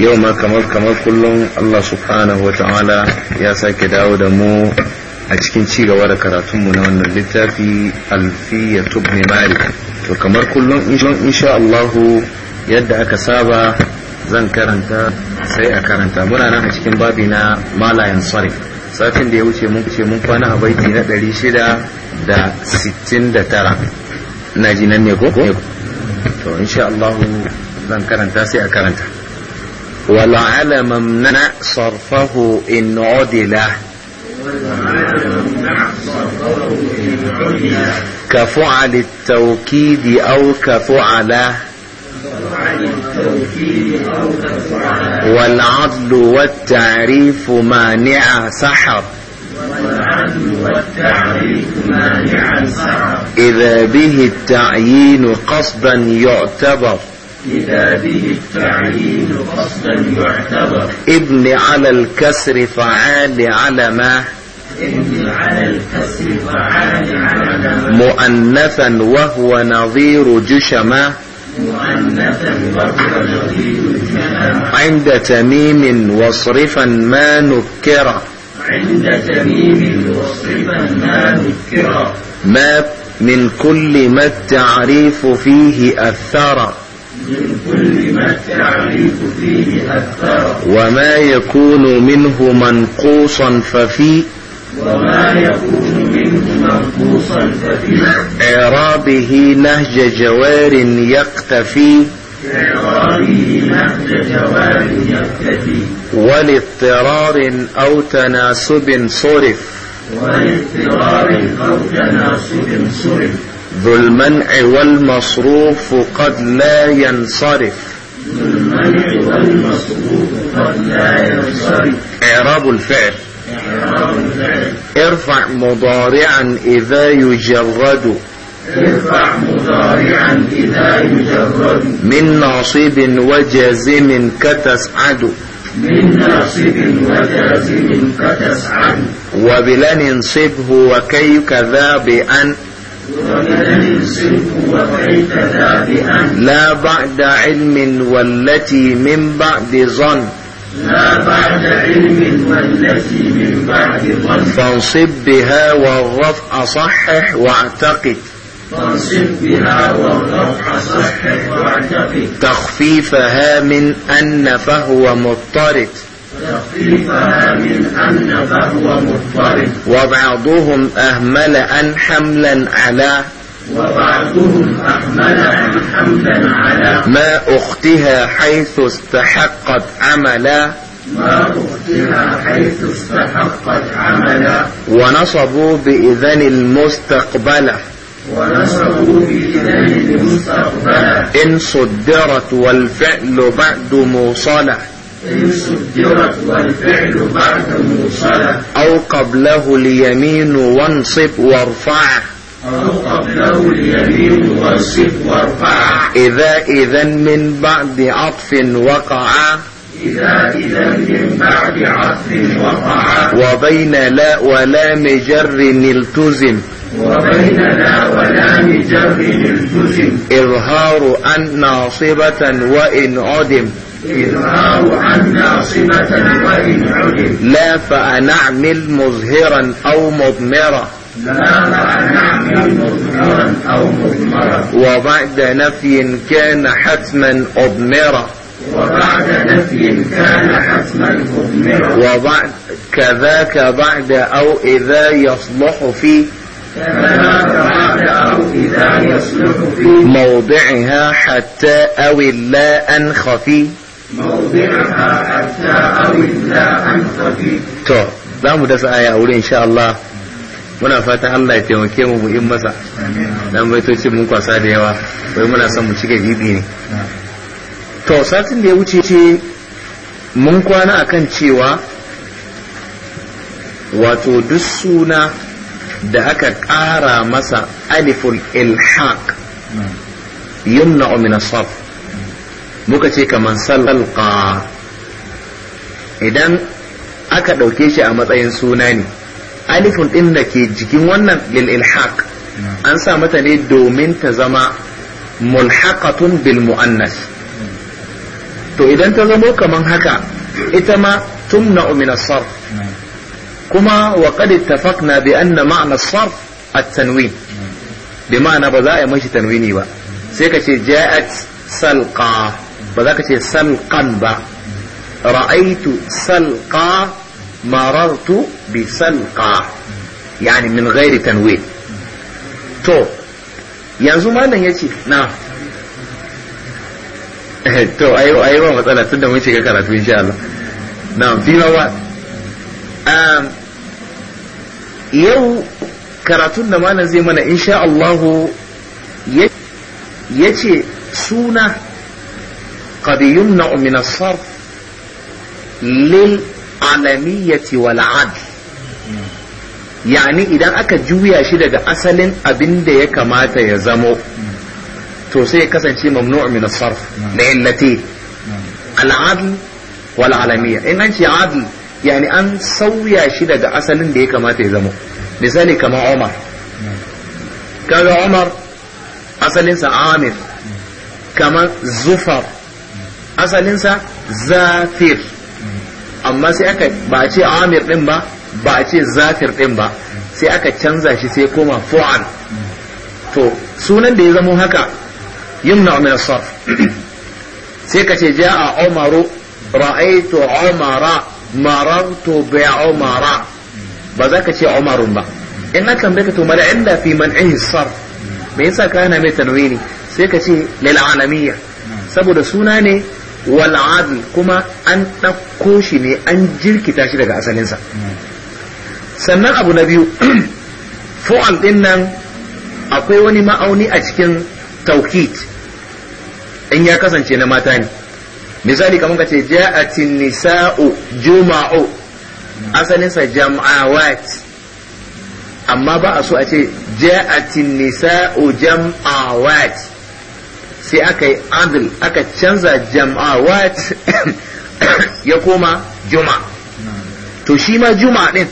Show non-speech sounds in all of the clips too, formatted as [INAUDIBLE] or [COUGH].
yau ma kamar kamar kullum Allah subhanahu wata'ala ya sake dawo da mu a cikin ci gaba da karatunmu na wannan littafi alfiya tubni mari to kamar kullum insha Allah yadda aka saba zan karanta sai a karanta muna nan a cikin babi na malayan sari satin da ya wuce mun ce mun kwana a baiti na 669 na ji nan ne ko to insha Allah zan karanta sai a karanta ولعل ممنع صرفه إن عدل كفعل التوكيد أو كفعله والعدل والتعريف مانع سحر إذا به التعيين قصدا يعتبر لذاته التعيين قصدا يعتبر ابن على الكسر فعال على ما ابن على الكسر فعال على ما مؤنثا وهو نظير جشما عند تميم واصرفا ما نكرا عند تميم واصرفا ما نكرا ما من كل ما التعريف فيه أثرا من كل ما التعريف فيه أكثر وما يكون منه منقوصا ففي وما يكون منه منقوصا ففي إعرابه نهج جوار يقتفي إعرابه نهج جوار يقتفي ولاضطرار أو تناسب صرف ولاضطرار أو تناسب صرف ذو المنع والمصروف قد لا ينصرف إعراب الفعل ارفع مضارعا إذا يجرد ارفع مضارعا إذا يجرد من ناصب وجازم كتسعد من ناصب وجازم كتسعد وبلن انصبه وكي كذا بأن لا بعد علم والتي من بعد ظن لا بعد علم والتي من بعد ظن فانصب بها والرفع صحح واعتقد فانصب بها والرفع صحح واعتقد تخفيفها من أن فهو مضطرد تخفيفها من أن فهو مضطرب وبعضهم أهمل أن حملا على وبعضهم أهمل أن حملا على ما أختها حيث استحقت عملا ما أختها حيث استحقت عملا ونصبوا بإذن المستقبلة ونصبوا بإذن المستقبلة إن صدرت والفعل بعد موصله فيصدرت والفعل بعد موصلة أو قبله اليمين وانصب وارفع أو قبله اليمين وانصب وارفع إذا إذا من بعد عطف وقع إذا إذا من بعد عطف وقع وبين لا ولا مجر التزم وبين لا ولا مجر التزم إظهار أن ناصبة وإن عدم عنا صفة وإن لا فأنعمل مظهرا أو مضمرا لا فأنعمل مظهرا أو مضمرا وبعد نفي كان حتما أضمرا وبعد نفي كان حتما أضمرا وبعد كذاك بعد أو إذا يصلح فيه موضعها حتى أو لا أن خفي to za mu dasa aya a wurin insha Allah muna fata Allah ya taimake mu in masa dan baitoci mun kwasa da yawa wai muna son mu cike gidi ne to satin da ya wuce ce mun kwana akan cewa wato duk suna da aka ƙara masa aliful ilhaq yumna min as muka ce kaman salqa idan aka ɗauke shi a matsayin suna ne alifun ɗin da ke jikin wannan lil ilhaq an sa mata ne domin ta zama mulhaqatun bil mu'annas to idan ta zamo kaman haka ita ma tumna min as-sarf kuma wa qad ittafaqna bi anna ma'na as-sarf at-tanwin bi ma'ana ba za a yi mashi tanwini ba sai ka ce ja'at salqa ba za ka ce salqan ba ra'aitu salqa marartu bi salqa yani min ghairi tanwin to yanzu malam ce na to ayo ayo ba matsala tunda mun shiga karatu insha Allah na fi ba yau karatun da malam zai mana insha Allahu ya ce suna قد يمنع من الصرف للعلمية والعدل يعني إذا أكد جوية شدة أسل أبن دي كمات يزمو توسي كسن شي ممنوع من الصرف نعم. لعلتي نعم. العدل والعلمية إن أنت عدل يعني أن سوي شدة أسل دي كمات يزمو لذلك كما عمر نعم. كذا عمر أسل سعامر كما زفر asalinsa zafir amma sai aka ba a ce amir din ba ba a ce zafir din ba sai aka canza shi sai koma fu'al to sunan da ya zama haka yumna min as-sarf [CLEARS THROAT] sai ka ce ja'a umaru ra'aytu umara marartu bi umara ba za ka ce umarun ba in aka tambaye ka to mala inda fi man'i as-sarf me yasa kana mai tanwini sai ka ce lil alamiyya saboda suna ne wal kuma an ɗauko shi ne an jirkita shi daga asalinsa sannan abu na biyu [CLEARS THROAT] foal ɗin nan akwai wani ma'auni a cikin Tauhid. in ya kasance na mata ne misali kamar ka ce ja'atin nisa'u juma'u asalinsa jam'awat amma ba a so a ce ja'atin nisa'u jam'awat sai aka yi adil aka canza jam'awat [COUGHS] ya koma juma to shi ma juma din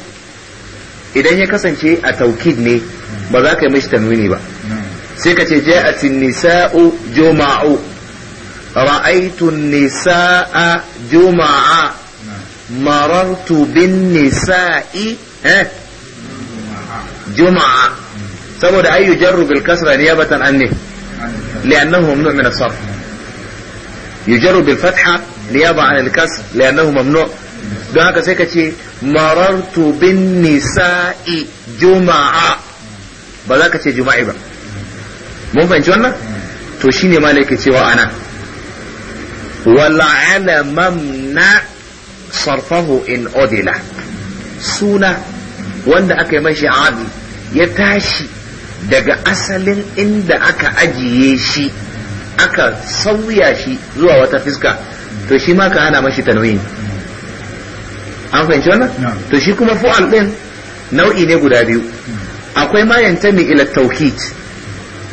idan ya kasance a taukid ne ba za ka yi mashi tanwini ba sai ka ce ja'atin nisa'u juma'u ra'aytu nisa'a juma'a marartu bin nisa'i eh? juma'a saboda ayyu jarru bil kasra niyabatan anni لأنه ممنوع من الصرف يجر بالفتحة نيابة عن الكسر لأنه don haka sai ka ce marartu bin nisa'i juma'a ba ka ce juma'i ba mun fahimci wannan to shine ma ne ke cewa ana wala'ala mamna sarfahu in odila suna wanda aka yi mashi adi ya tashi daga asalin inda aka ajiye shi aka sauya shi zuwa wata fiska to shi ma ka hana mashi tanwini an fahimci wannan to shi kuma fu'al din nau'i ne guda biyu akwai ma yantami ila tauhid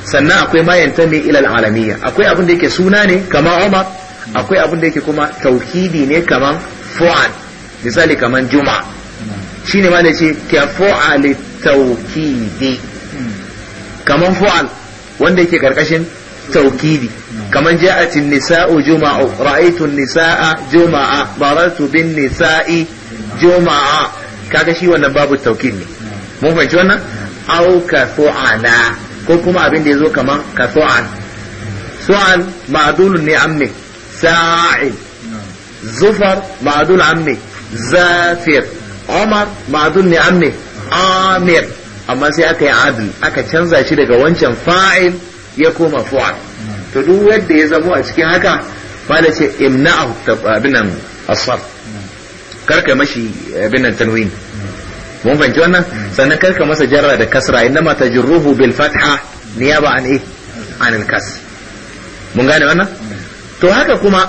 sannan akwai ma yantami ila alamiyya akwai abin da yake suna ne kamar Umar akwai abin da yake kuma tauhidi ne kamar fu'al misali kamar juma'a shine ma ne ce ka fu'al tauhidi kaman fu'al wanda yake karkashin taukidi kaman ja'atin nisa'u juma'u ra'aytu nisaa juma'a baratu bin nisa'i juma'a kaga shi wannan babu taukid ne mun fahimci wannan au ka su'ana ko kuma abin da yazo kaman ka su'an su'an ma'dulun ni amme sa'il zufar ma'dul amme zafir umar ma'dul ne amme amir amma sai aka yi adl aka canza shi daga wancan fa'il ya koma fu'al to duk wanda ya zamo a cikin haka mala ce imna'ahu binan asar karka mashi binan tanwin mun fahimci wannan sannan karka masa jarra da kasra innama tajruhu bil fatha niyaba an eh an al kas mun gane wannan to haka kuma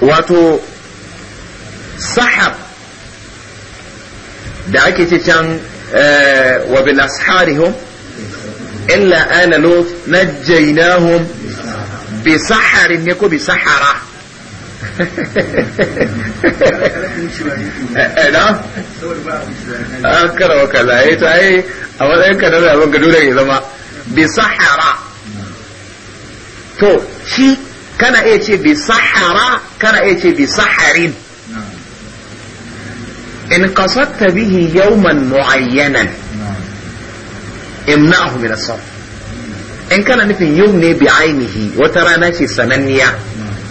wato sahab da ake ce can آه، وبالأسحارهم إلا آل لوط نجيناهم بسحر يكون بسحرة هنا أكرا وكلا أولا كان هذا أبن قدولا إيه، إذا بسحرة تو شي كان إيشي بسحرة كان إيشي بسحرين إن قصدت به يوما معينا امنعه من الصرف إن كان نفي يوم ne wata rana ce sananniya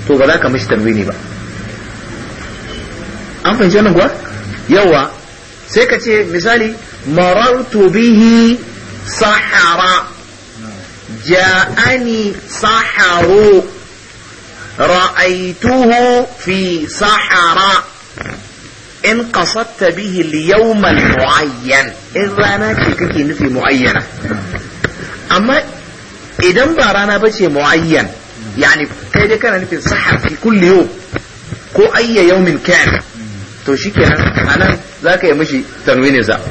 to ba za ka mishi tarwini ba an fahimci wannan kuwa yawa sai ka ce misali marartu bihi sahara ja'ani saharu ra'aituhu fi sahara إن قصدت به اليوم المعين إن رانا كيكي نفي معينة أما إذا ما رانا بشي معين يعني كيدا كان نفي صحة في كل يوم كو أي يوم كان توشيك أنا أنا ذاك يمشي تنوين إذا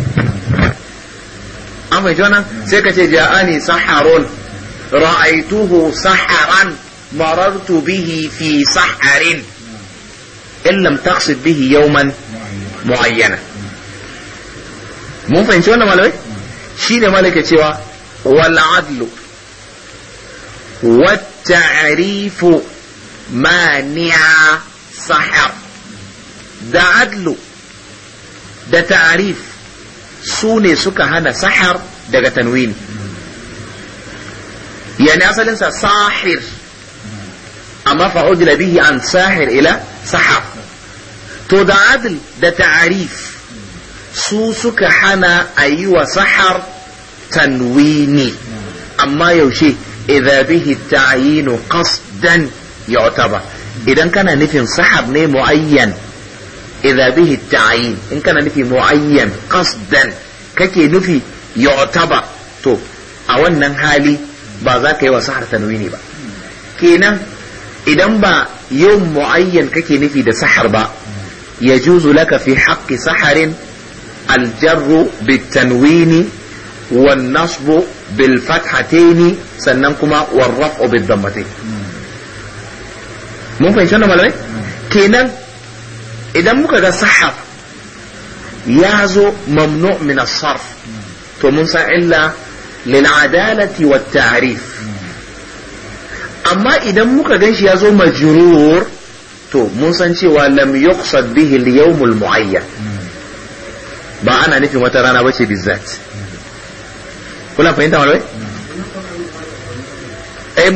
أما جونا سيكا جاءني سحر رأيته سحرا مررت به في سحر إن لم تقصد به يوما muayyana mun fahimci wannan malamai shine malaka cewa wal adlu wa ta'rifu mani'a sahar da adlu da ta'rif su ne suka hana sahar daga tanwini yani asalinsa sahir amma fa'udila bihi an sahir ila sahar to da adl da ta'arif su suka hana a yi wa sahar tanwini amma yaushe idza bihi ta'yinu qasdan yu'taba idan kana nufin sahar ne muayyan idza bihi ta'yin in kana nufi muayyan qasdan kake nufi yu'taba to a wannan hali ba za ka yi wa sahar tanwini ba kenan idan ba yau muayyan kake nufi da sahar ba يجوز لك في حق سحر الجر بالتنوين والنصب بالفتحتين سننكما والرفع بالضمتين mun fahimci wannan malamai kenan idan muka ga sahab ya zo mamnu min sarf to mun san illa lil adalati wat ta'rif amma idan muka ganshi ya zo majrur to mun san cewa lam yuqsad bihi al-yawm al-mu'ayyan ba ana nufin wata rana bace bizzat kuna fahimta wa malai eh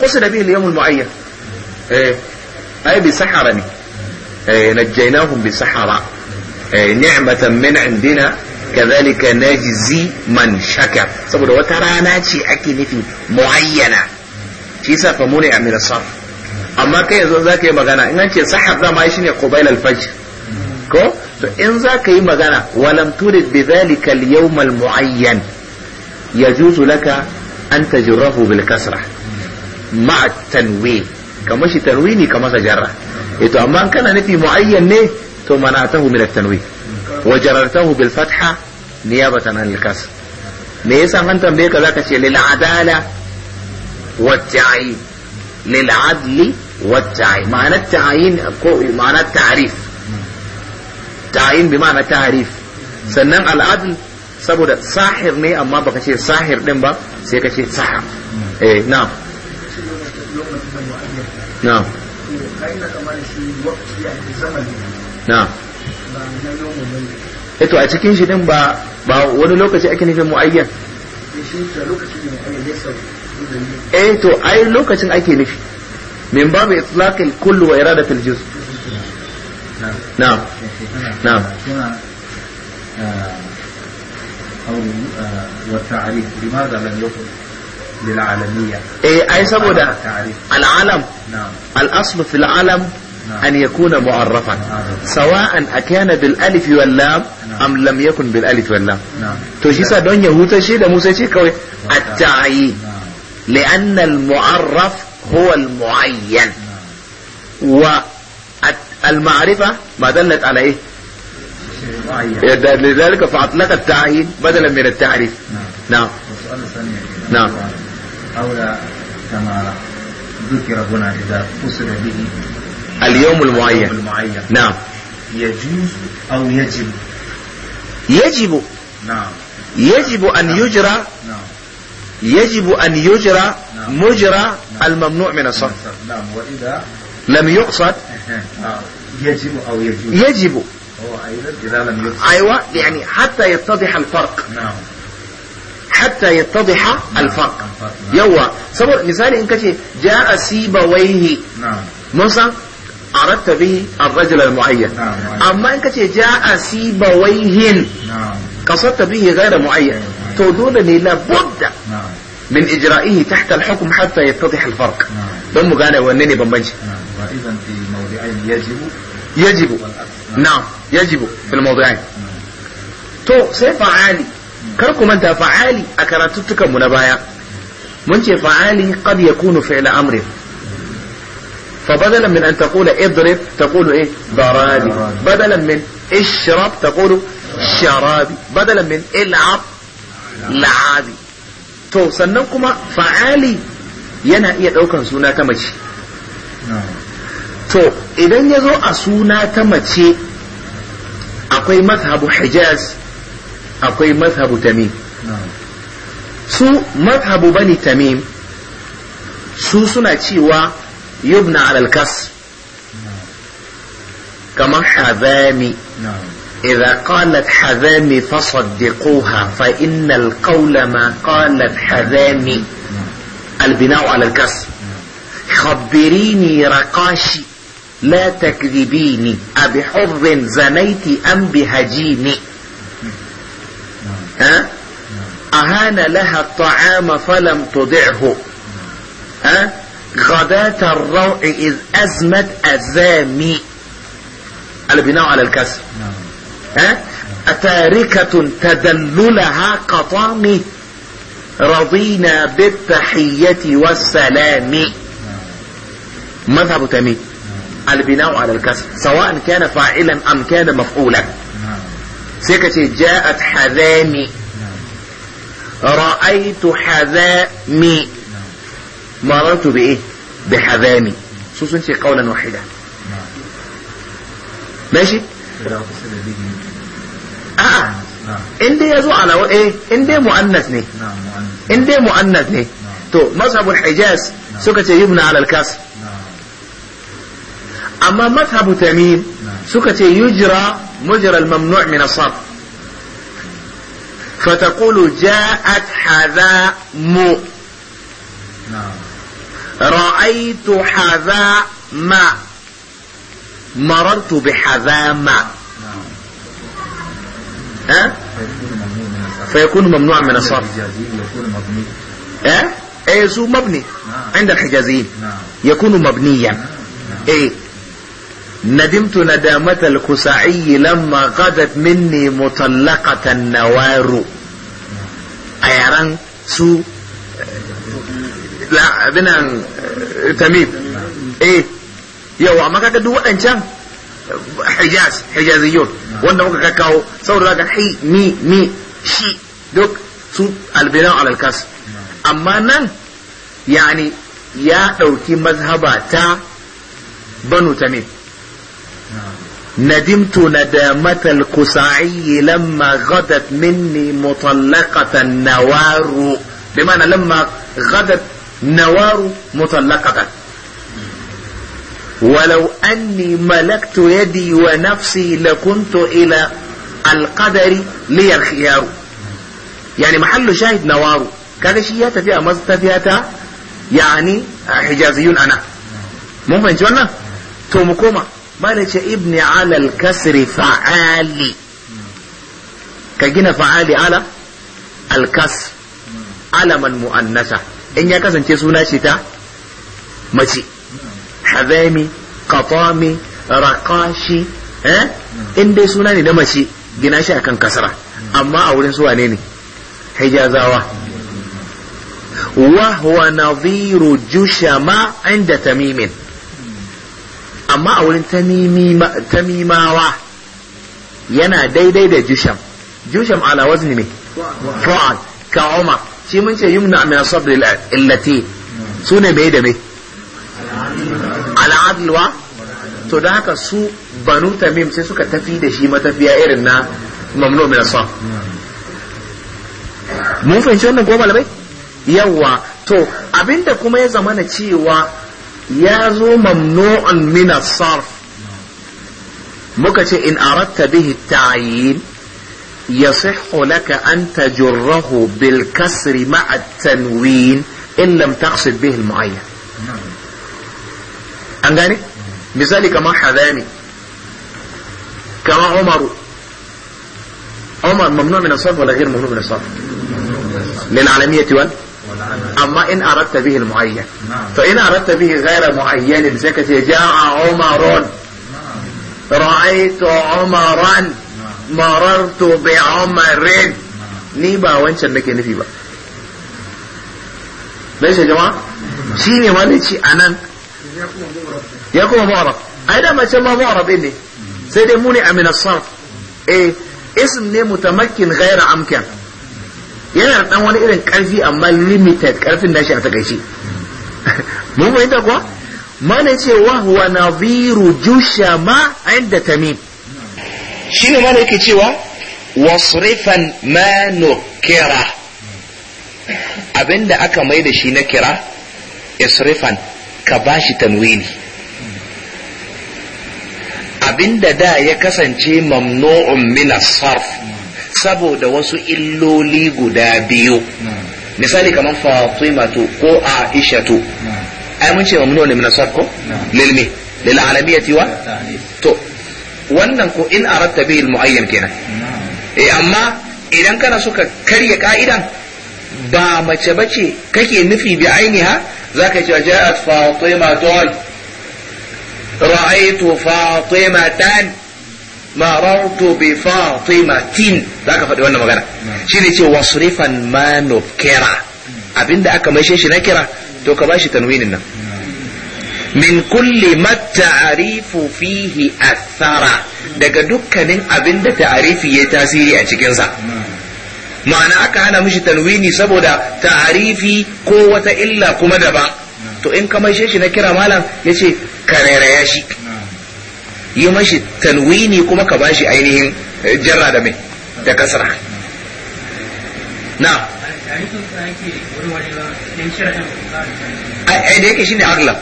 qasad bihi al-yawm al-mu'ayyan eh ay bi sahara ni eh najaynahum bi sahara eh ni'matan min indina kadhalika najzi man shaka saboda wata rana ce ake nufi muayyana shi yasa fa muni amina sarf amma kai yanzu za ka yi magana in an ce sahab zama shi ne qubayl al-fajr ko to in za ka yi magana walam turid bi dhalika al-yawm al-mu'ayyan yajuzu laka an tajrahu bil kasra ma'a tanwin kamar shi tanwini kamar sa jarra e to amma kana nufi mu'ayyan ne to manatahu min at tanwi. wa jarartahu bil fatha niyabatan an al-kasr me yasa an tambaye ka zaka ce lil adala wa ta'i lil adli والتعيين معنى التعيين معنى التعريف تعيين بمعنى تعريف sannan العدل saboda ساحر ne amma baka ce ساحر din ba sai كشي ce sahar نعم na na na a cikin shi din ba ba wani lokaci ake nufin mu'ayyan eh to ai lokacin ake nufi من باب إطلاق الكل وإرادة الجزء نعم نعم والتعريف لماذا لم يكن للعالمية أي سبب العلم نعم الأصل في العلم أن يكون معرفا سواء أكان بالألف واللام أم لم يكن بالألف واللام تجيسا دون يهوتا شيء شيء كوي التعيين لأن المعرف هو المعين والمعرفة ما دلت على ايه, إيه، لذلك فأطلق التعيين بدلا من التعريف نعم نعم. نعم أولى كما ذكر هنا إذا فصل به اليوم المعين, المعين. نعم يجوز أو يجب يجب نعم يجب أن يجرى نعم. يجب أن يجرى نعم. مجرى الممنوع من الصرف نعم, نعم، وإذا لم يقصد [LAUGHS] آه، يجب أو يجب يجب إذا لم يقصد أيوة يعني حتى يتضح الفرق نعم حتى يتضح نعم، الفرق نعم. يوا سبب مثال إن كتي جاء سيبويه نعم موسى أردت به الرجل المعين نعم. أما إن كتي جاء سيبويه نعم قصدت به غير معين تودون لابد من إجرائه تحت الحكم حتى يتضح الفرق نعم قال وأنني بمبنش نعم. وإذا في موضعين يجب يجب نعم. نعم يجب في الموضعين تو سي فعالي kar أنت فعالي fa'ali من بايا mu فعالي قد يكون فعل أمر فبدلا من أن تقول اضرب تقول إيه ضرابي بدلا من اشرب تقول شرابي بدلا من العب لعابي to sannan kuma fa'ali yana iya ɗaukan suna ta mace to idan ya zo a suna ta mace akwai mazhabu hijaz akwai mazhabu tamim su mazhabu bani tamim su suna cewa yubna alalkas kamar hazami إذا قالت حذامي فصدقوها فإن القول ما قالت حذامي البناء على الكسر خبريني رقاشي لا تكذبيني أبحر زنيت أم بهجيني ها؟ أهان لها الطعام فلم تضعه ها؟ غداة الروع إذ أزمت أزامي البناء على الكسر نعم. أتاركة تاركة تدللها قطام رضينا بالتحية والسلام مذهب تميم البناء على الكسر سواء كان فاعلا أم كان مفعولا سكتي جاءت حذامي رأيت حذامي مررت بإيه بحذامي خصوصا شيء قولا واحدا ماشي a'a in dai yazo ala eh in dai muannas ne in dai muannas ne to mazhabul hijaz suka ce yubna ala al-kasr amma mazhabu tamim suka ce yujra mujra al-mamnu' min as-sarf فتقول جاءت حذام رأيت حذام مررت بحذام ها فيكون ممنوعا من الصرف ها اي سو مبني عند الحجازيين يكون مبنيا اي ندمت ندامة الكسعي لما غدت مني مطلقة النوار أيران سو لا بنا تميم ايه يو ما كاكا دو وقت حجاز حجازيون wanda muka ka kawo saboda ga hai ni ni shi duk su albiran alalkas amma nan yani ya ɗauki mazhaba ta banu ta ne nadimtu nadamata kusa'i lamma ghadat minni mutallaqatan nawaru bi ma'ana lamma ghadat nawaru mutallaqatan ولو أني ملكت يدي ونفسي لكنت إلى القدر لي الخيار يعني محل شاهد نوار كذا شيء يتفيها مزتفيها يعني حجازيون أنا mun fahimci wannan to mu koma bala ibni alal kasri fa'ali ka gina fa'ali ala alkas alaman mu'annasa in ya kasance suna ce ta mace hazami qatami rakashi. eh in dai suna ne na mace gina shi akan kasara amma a wurin su wane ne hijazawa wa huwa nadhiru jushama inda tamimin amma a wurin tamimawa yana daidai da jusham jusham ala wazni ne fa'al ka umar shi mun ce yumna min asabr illati sune mai da mai adlwa to da haka su banu tamim sai suka tafi da shi matafiya irin na mamnu min asam mun fahimci wannan ko malamai yawa to abinda kuma ya zama na cewa ya zo mamnu'un min asarf muka ce in aratta bihi ta'yin يصح لك أن تجره بالكسر مع التنوين إن لم تقصد به المعين an gane misali kamar hazani kamar umaru umar mamnu min asaf wala ghair mamnu min asaf lil alamiyati wal أما إن أردت به المعين فإن أردت به غير معين زكت جاء عمر رأيت عمرا مررت بعمر نيبا وانشان لك نفيبا ليش يا جماعة شيني والدي أنا ya kuma mu'arab ai da mace ma mu'arab ne sai dai mu ne a minas sarf eh ism ne mutamakkin ghaira amkan yana dan wani irin karfi amma limited karfin nashi a takaice [LAUGHS] Mu fahimta kuwa mana ce wa huwa nadhiru jushama inda tamim shine mana yake cewa wasrifan ma nukira abinda aka mai da shi na kira isrifan ka bashi tanwini abinda da ya kasance mamnu'un min sarf saboda wasu illoli guda biyu misali kamar to ko to ai mun ce mamnu'un min sarf ko lilmi lil alamiyati wa to wannan ko in aratta bi al muayyan kenan eh amma idan kana suka karya ka'idan ba mace bace kake nufi bi ainiha zaka ce ja'at to رأيت فاطمة marartu bi fatimatin zaka faɗi wannan magana shi ne ce wasrifan ma nukira abinda aka maishe shi na kira to ka bashi tanwinin nan min kulle ma ta'rifu fihi athara daga dukkanin abinda ta'rifi ya tasiri a cikinsa. ma'ana aka hana mishi tanwini saboda ta'rifi ko wata illa kuma daban to in ka maishe shi na kira malam ya ce ka rairaya shi yi mashi tanwini kuma ka bashi ainihin eh, jarra da mai da kasara. na a da yake ne agla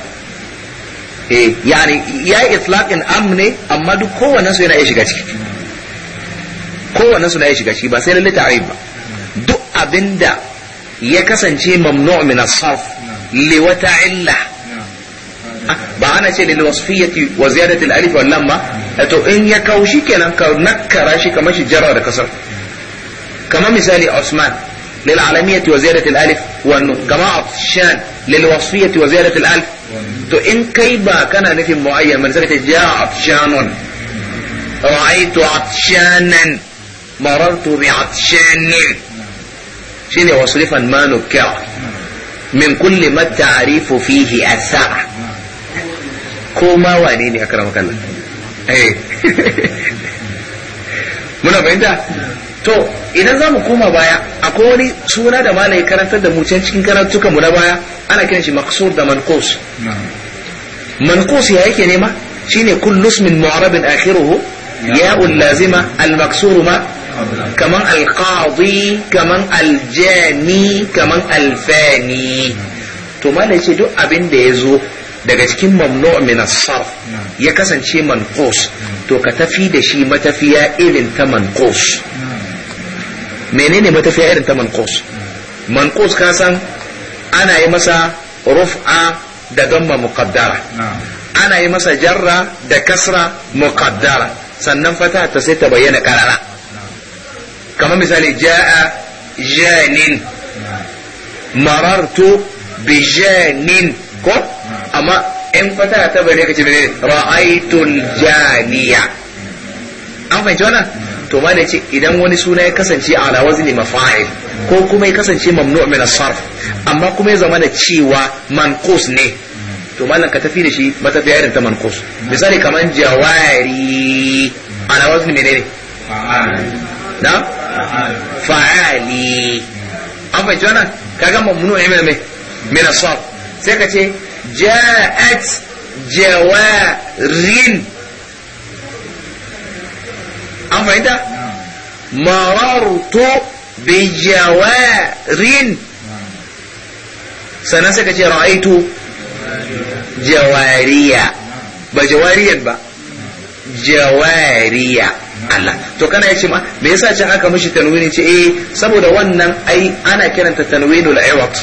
eh yani ya yi itlaqin am ne amma duk kowane su yana iya shiga ciki kowane su na iya shiga ciki ba sai lalita ta'rif ba duk abinda ya kasance mamnu' min as-sarf لوتع الله بعنا شيء للوصفية وزيادة الألف واللمة أتو إن يكوشي كنا نكر شيء كما جرى كسر كما مثال عثمان للعالمية وزيادة الألف والنو كما عطشان للوصفية وزيادة الألف تو إن كيبا كان نفي معين من ذلك جاء عطشان رأيت عطشانا مررت بعطشان شيء وصرفا ما نكر min kulli ma ta'rifu fihi as-sa'a ko ma wane ne akram kan eh. [LAUGHS] muna to idan zamu koma baya akwai wani suna da malai karantar da mu can cikin karantukan mu na baya ana kiran shi maqsur da manqus manqus ya yake nema shine kullu ismin mu'rabin akhiruhu ya'un lazima al-maqsuru ma kaman alqadi kaman aljani kaman alfani to malai duk abin da ya zo daga cikin mamnu min as-sarf ya kasance manqus to ka tafi da shi matafiya irin ta manqus menene matafiya irin ta manqus manqus ka san ana yi masa ruf'a da gamma muqaddara ana yi masa jarra da kasra muqaddara sannan fata ta sai ta bayyana karara kamar misali ja'a janin marartu bi janin ko amma in kwata ta bare kace mene ra'aytul janiya an fahimci wannan to ma ce idan wani suna ya kasance ala wazni mafa'il ko kuma ya kasance mamnu' min sarf amma kuma ya zama da cewa manqus ne to mallan ka tafi da shi matafiya irin ta manqus misali kaman jawari ala wazni menene na fa'ali an fahimci wannan kaga mamnu ne mai min asab sai ka ce ja'at jawarin an fahimta marartu bi jawarin sannan sai ka ce ra'aitu jawariya ba jawariyar ba jawariya Allah to kana yace ma me yasa can aka mishi tanwini ce eh saboda wannan ai ana kiranta tanwinul iwat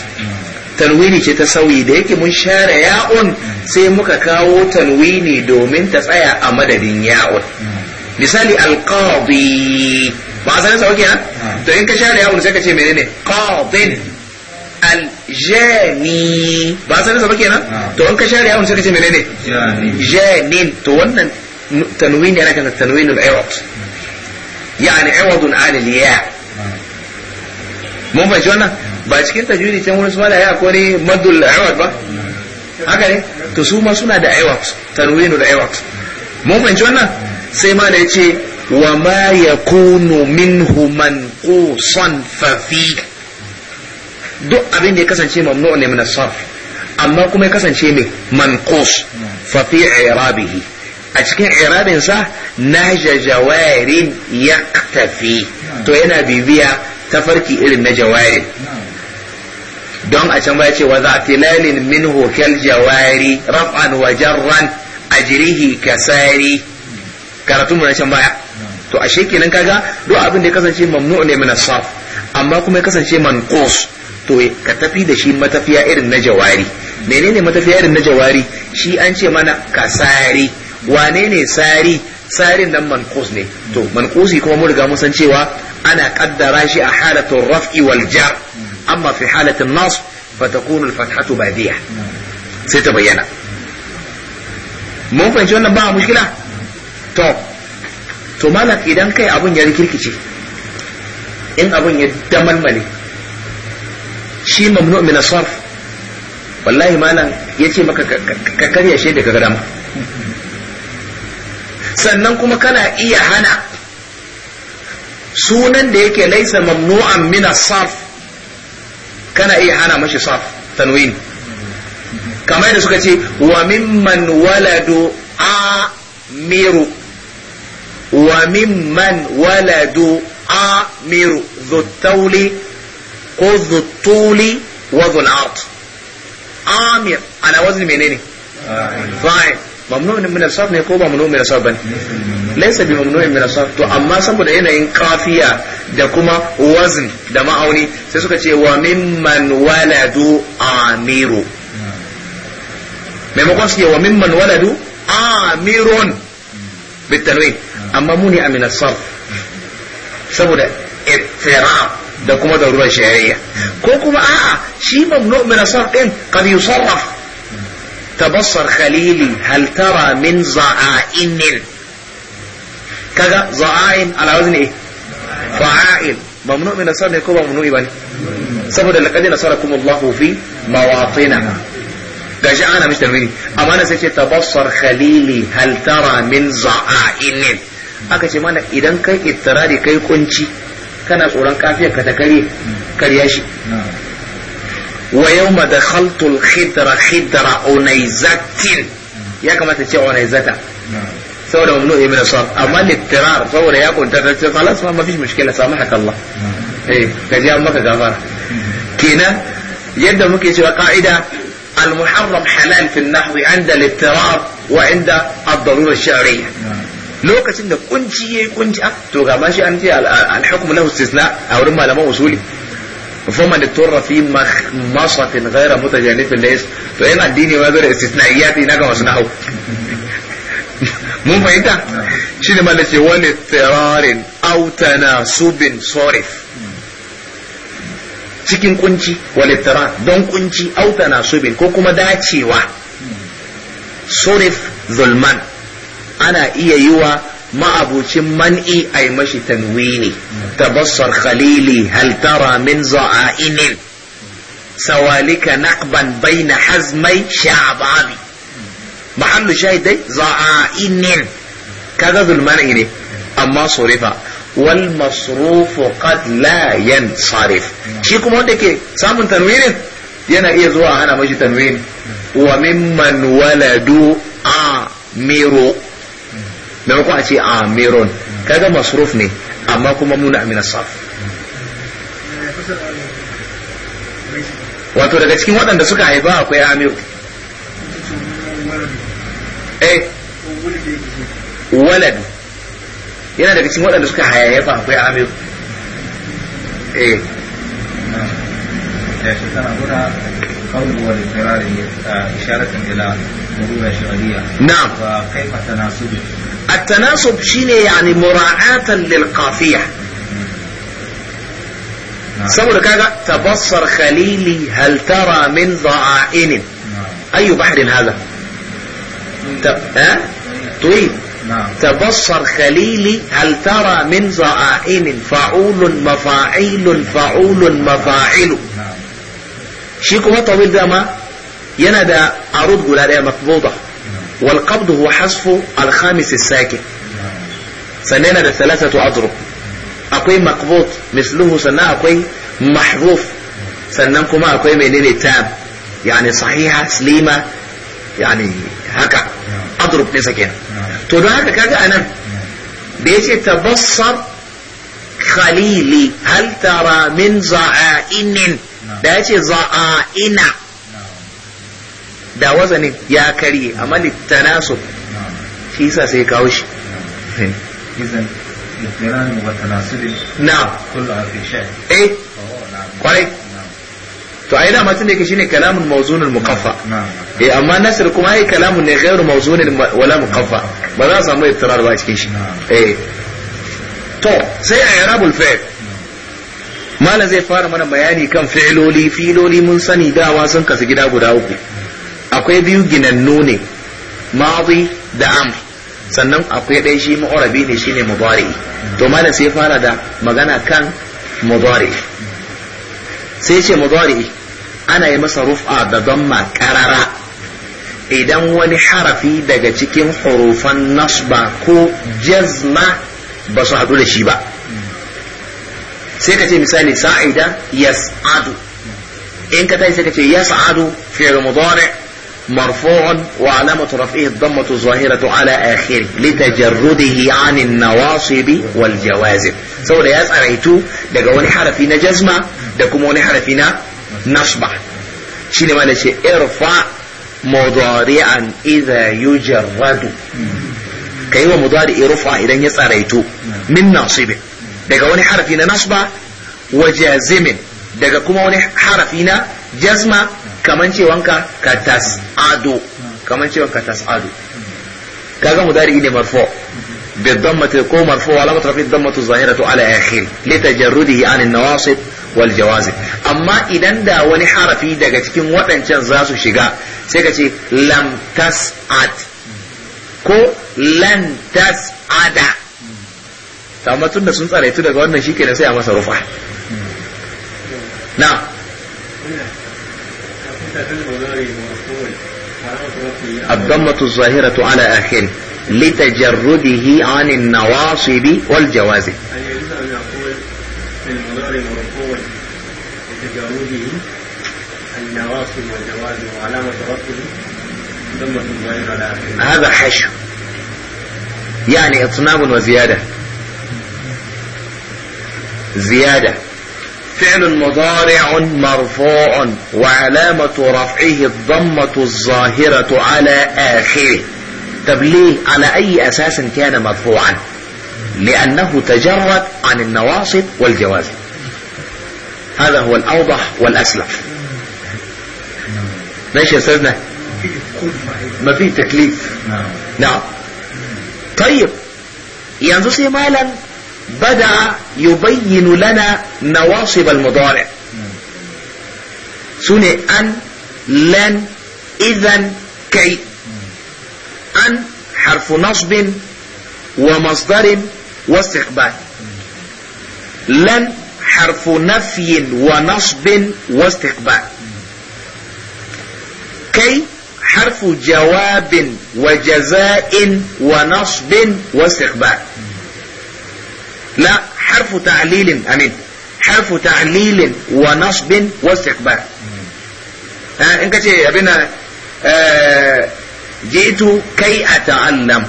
tanwini ce ta sauyi da yake mun share ya'un sai muka kawo tanwini domin ta tsaya a madadin ya'un misali alqadi ba san sa okay to in ka share ya'un sai ka ce menene qadin aljani ba san sa okay ah. to in ka share ya'un sai ka ce menene janin to wannan تنوين يعني كان التنوين العوض يعني عوض عن الياء mun fahimci wannan ba cikin tajwidi can wurin suma da ya akwai maddul iwat ba haka ne to su ma suna da iwat tanwinu da iwat mun fahimci wannan sai ma da yace wa ma yakunu duk abin da ya kasance mamnu ne min sarf amma kuma ya kasance mai manqus fa fi irabihi a cikin irabinsa na jawarin ya tafi to yana bibiya ta farki irin na jawarin don a can baya ce wa za'tilalin min hokel jawari raf'an wa jarran ajrihi kasari karatu mu na can baya to a shekinan kaga duk abin da ya kasance mamnu ne min asaf amma kuma ya kasance manqus to ka tafi da shi matafiya irin na jawari menene matafiya irin na jawari shi an ce mana kasari wane ne sari sarin nan manqus ne to manqusi kuma mun riga mun san cewa ana kaddara shi a halatu raf'i wal jar amma fi halatu nasb fatakunu al-fathatu badiya sai ta bayyana mun fahimci wannan ba mushkila to to malam idan kai abun ya rikirkice in abun ya damalmale shi mamnu min asarf wallahi malam yace maka ka karya shi daga gadama sannan kuma kana iya hana sunan da yake laisa mamnu'an min as-sarf kana iya hana mashi sarf tanwin kamar yadda suka ce wa mimman waladu amiru wa mimman waladu amiru zuttauli ko zuttuli wa zul'art amir ala wazni menene fa'il mamnu'un min al-sarf ne ko ba mamnu'un min al-sarf bane laysa bi mamnu'in min al-sarf to amma saboda yanayin kafiya da kuma wazn da ma'auni sai suka ce wa mimman waladu amiru maimakon su ce wa mimman waladu amirun bitanwi amma muni a min al saboda ittirab da kuma darurar shari'a ko kuma a'a shi mamnu'un min al-sarf din qad yusarraf tabassar khalili hal tara min za'a'inin kaga za'a'in ala wazni fa'a'il mamnu min nasar ne ko ba mamnu ba ne saboda laqad nasarakum Allahu fi mawatinaha gashi ana mishi tarmini amma na sai ce tabassar khalili hal tara min aka ce mana idan kai ittirari kai kunci kana tsoron kafiyar ka ta kare karya shi ويوم دخلت الخدر خدر أنيزك يا كما تشي أنيزتا سورة ممنوع من الصار أما الاضطرار سورة يا كنت خلاص ما فيش مشكلة سامحك الله إيه كجاء مكة غفر كنا يبدا ممكن يسوى قاعدة المحرم حلال في النحو عند الاضطرار وعند الضرورة الشرعية لو كنت كنت كنت أه، تو ماشي أنت الحكم له استثناء أو رمى لما وصولي فمن اضطر في مخمصة غير متجانف لإس فإن الدين وغير استثنائيات هناك وصنعه mun fahimta shi ne malake wani tsirarin autana subin sorif cikin kunci wani don kunci na subin ko kuma dacewa sorif zulman ana iya yi wa ma'abucin man'i ai mashi tanwini tabassar khalili hal tara min za'ainin sawalika naqban baina hazmai sha'babi mahallu shahid dai za'ainin kaga zulmani ne amma surifa wal masrufu qad la yansarif shi kuma wanda ke samun tanwinin yana iya zuwa hana mashi tanwin wa mimman waladu amiru ku a ce a ah, amirun kaga masruf ne amma kuma muna amina asaf wato daga cikin waɗanda suka haifa akwai amiru eh walad yana daga cikin waɗanda suka haifa akwai amiru eh نعم وكيف تناسبه التناسب شيني يعني مراعاة للقافية saboda نعم. تبصر خليلي هل ترى من min نعم. أي بحر هذا hadha طيب نعم. تبصر خليلي هل ترى من زائن فعول مفاعيل فعول مفاعل شيكو ما طويل ده ما ينا ده عروض قولها ده مقبوضة wal wa huwa hasfu al khamis sakin sannan yana da akwai maqbut misluhu sannan akwai mahruf sannan kuma akwai menene tam yani sahiha slima yani haka adrub ne sakin to don haka kaga anan da yace tabassar khalili hal tara min za'ainin da yace za'aina da wazanin ya karye amma littanasub shi sa sai kawo shi na eh, eh. Oh, kwarai to ai dama tun da yake shine kalamun mawzunul muqaffa eh amma nasr kuma ai kalamun ne ghairu mawzunul wala muqaffa ba za a samu ittirar ba a cikin shi eh to sai a yarabul fi'l malam zai fara mana bayani kan fi'loli filoli mun sani dawa sun kasu gida guda uku akwai biyu ginannu ne madi da am sannan akwai ɗaya shi ma'urabi ne shi ne mubari to da sai fara da magana kan mubari sai ce mubari ana yi masa rufa da damma karara idan wani harafi daga cikin hurufan nasba ko jazma ba su haɗu da shi ba sai ka ce misali sa'ida yas'adu in ka tashi sai ka ce yas'adu fi'l mudari' مرفوع وعلامة رفعه الضمة الظاهرة على آخره لتجرده عن النواصب Saboda ya tsaraitu daga wani harafi na jazma da kuma wani harafi na nasba shi ne mana ce irfa mudari'an idha yujarradu kai wa mudari irfa idan ya tsaraitu min nasibin daga wani harafi na nasba wa jazimin daga kuma wani harafi na jazma kaman cewanka ka tas'adu kaman cewanka tas'adu kaga mudari ne marfu بالضمة كو مرفوع علامة رفع الضمة الظاهرة على آخره لتجرده عن النواصب والجوازب أما إذا دا وني حرفي daga cikin waɗancan za su shiga sai ka ce lam tas'ad ko lan tas'ada amma tunda sun tsaraitu daga wannan shikenan sai a masa rufa na الضمة الظاهرة على آخره لتجرده عن النواصب والجوازم يجوز أن نقول لتجرده النواصب والجوازم وعلامة ضمة الظاهرة على آخره هذا حشو يعني اطناب وزيادة زيادة فعل مضارع مرفوع وعلامة رفعه الضمة الظاهرة على آخره طب ليه على أي أساس كان مرفوعا لأنه تجرد عن النواصب والجوازم هذا هو الأوضح والأسلف ماشي يا سيدنا ما في تكليف نعم. نعم طيب ينظر مالا بدأ يبين لنا نواصب المضارع سنة أن لن إذا كي أن حرف نصب ومصدر واستقبال لن حرف نفي ونصب واستقبال كي حرف جواب وجزاء ونصب واستقبال لا حرف تعليل أمين حرف تعليل ونصب واستقبال ها آه، إنك يا بنا آه، جئت كي أتعلم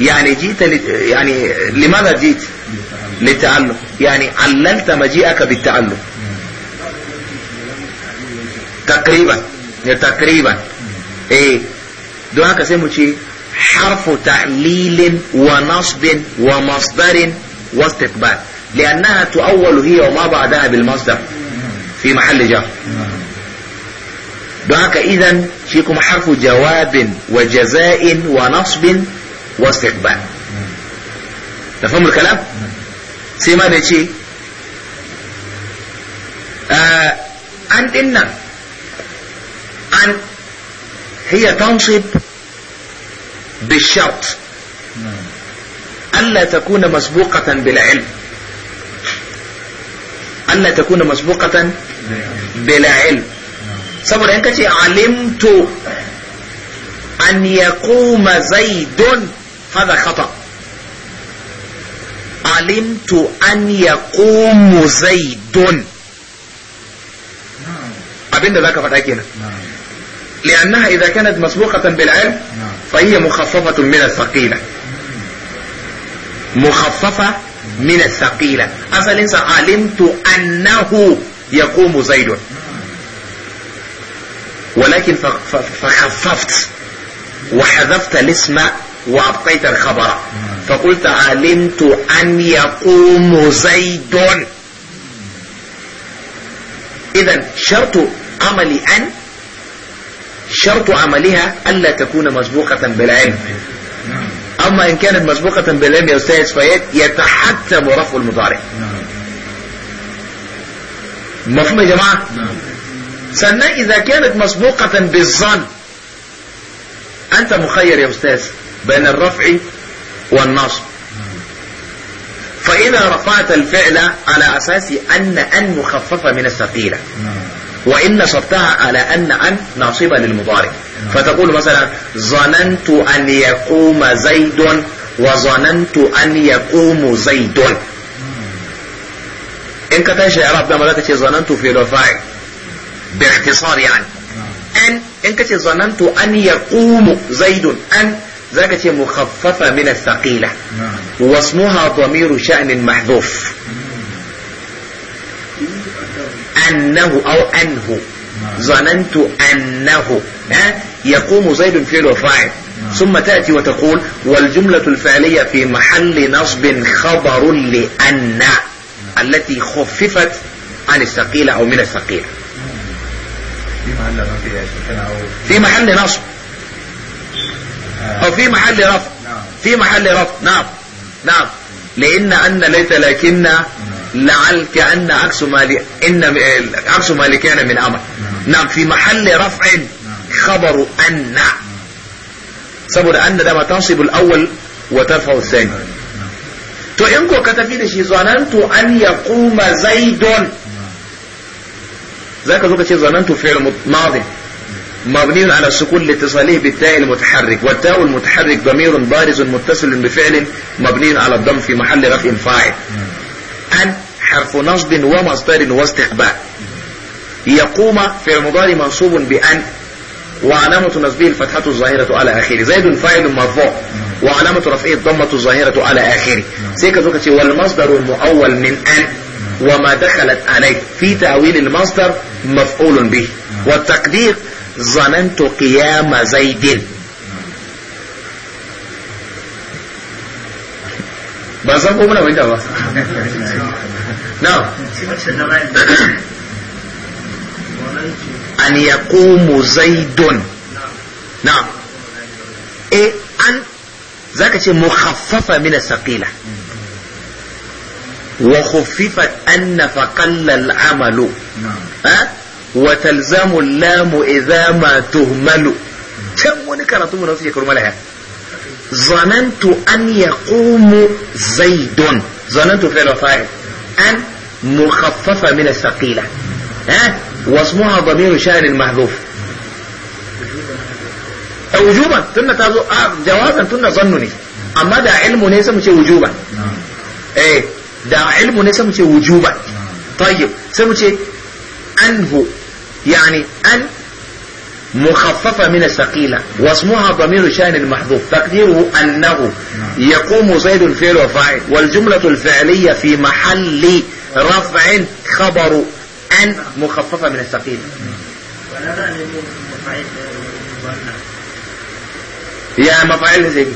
يعني جئت يعني لماذا جئت للتعلم يعني عللت مجيئك بالتعلم تقريبا تقريبا ايه دعاك سيمو حرف تعليل ونصب ومصدر واستقبال لأنها تؤول هي وما بعدها بالمصدر في محل جر دعاك إذا فيكم حرف جواب وجزاء ونصب واستقبال تفهم الكلام سيما نشي آه أن إن أن هي تنصب بالشرط ألا تكون مسبوقة بالعلم ألا تكون مسبوقة بلا علم صبر أنك علمت أن يقوم زيد هذا خطأ علمت أن يقوم زيد أبين ذاك فتاكينا لأنها إذا كانت مسبوقة بالعلم فهي مخففة من الثقيلة مخففة من الثقيلة أصلا إنسا علمت أنه يقوم زيد ولكن فخففت وحذفت الاسم وأبقيت الخبر فقلت علمت أن يقوم زيد إذا شرط عمل أن شرط عملها ألا تكون مسبوقة بالعلم أما إن كانت مسبوقة يا أستاذ فيات يتحتم رفع المضارع مفهوم يا جماعة سنة إذا كانت مسبوقة بالظن أنت مخير يا أستاذ بين الرفع والنصب فإذا رفعت الفعل على أساس أن أن مخففة من الثقيلة نعم وإن نصبتها على أن عن ناصبة للمضارع فتقول مثلا ظننت أن يقوم زيد وظننت أن يقوم زيد إن كتنش يا رب لما ذاك ظننت في رفاعي باختصار يعني أن إن كتش ظننت أن يقوم زيد أن ذاك مخففة من الثقيلة نعم. واسمها ضمير شأن محذوف أنه أو أنه ظننت أنه ها يقوم زيد فعل وفاعل نعم. ثم تأتي وتقول والجملة الفعلية في محل نصب خبر لأن نعم. التي خففت عن الثقيلة أو من الثقيلة في محل نصب أو في محل رفع نعم. في محل رفع نعم نعم لأن أن ليس لكن لعل كأن عكس ما إن عكس ما كان من أمر نعم في محل رفع خبر أن سبب نعم. أن da تنصب الأول وترفع الثاني تو إنكو to شي ظننت أن يقوم زيد ذاك zanantu شي ظننت فعل zaka مبني على السكون لاتصاله بالتاء المتحرك والتاء المتحرك ضمير بارز متصل بفعل مبني على الضم في محل رفع فاعل أن حرف نصب ومصدر واستقبال يقوم في المضارع منصوب بأن وعلامة نصبه الفتحة الظاهرة على آخره زيد فاعل مرفوع وعلامة رفعه الضمة الظاهرة على آخره سيكا زوكتي والمصدر المؤول من أن وما دخلت عليه في تأويل المصدر مفعول به والتقدير ظننت قيام زيد ba san ko muna fahimta ba na an yaqumu zaidun na e eh, an zaka ce mukhaffafa min as-saqila wa khuffifat anna fa qalla al-amalu ha eh? wa talzamu lamu idha ma tuhmalu can wani karatu mun wasu shekaru malaya ظننت أن يقوم زيد ظننت فعل وفاعل أن مخففة من الثقيلة ها واسمها ضمير شاعر المحذوف وجوبا تنا تازو آه جوازا تنا ظنني أما دا علم ليس مش وجوبا نعم. إيه دا علم ليس مش وجوبا نعم. طيب سمشي أنه يعني أن مخففة من الثقيلة واسمها ضمير شان المحذوف تقديره أنه يقوم زيد فعل وفاعل والجملة الفعلية في محل رفع خبر أن مخففة من الثقيلة يا مفاعل زيد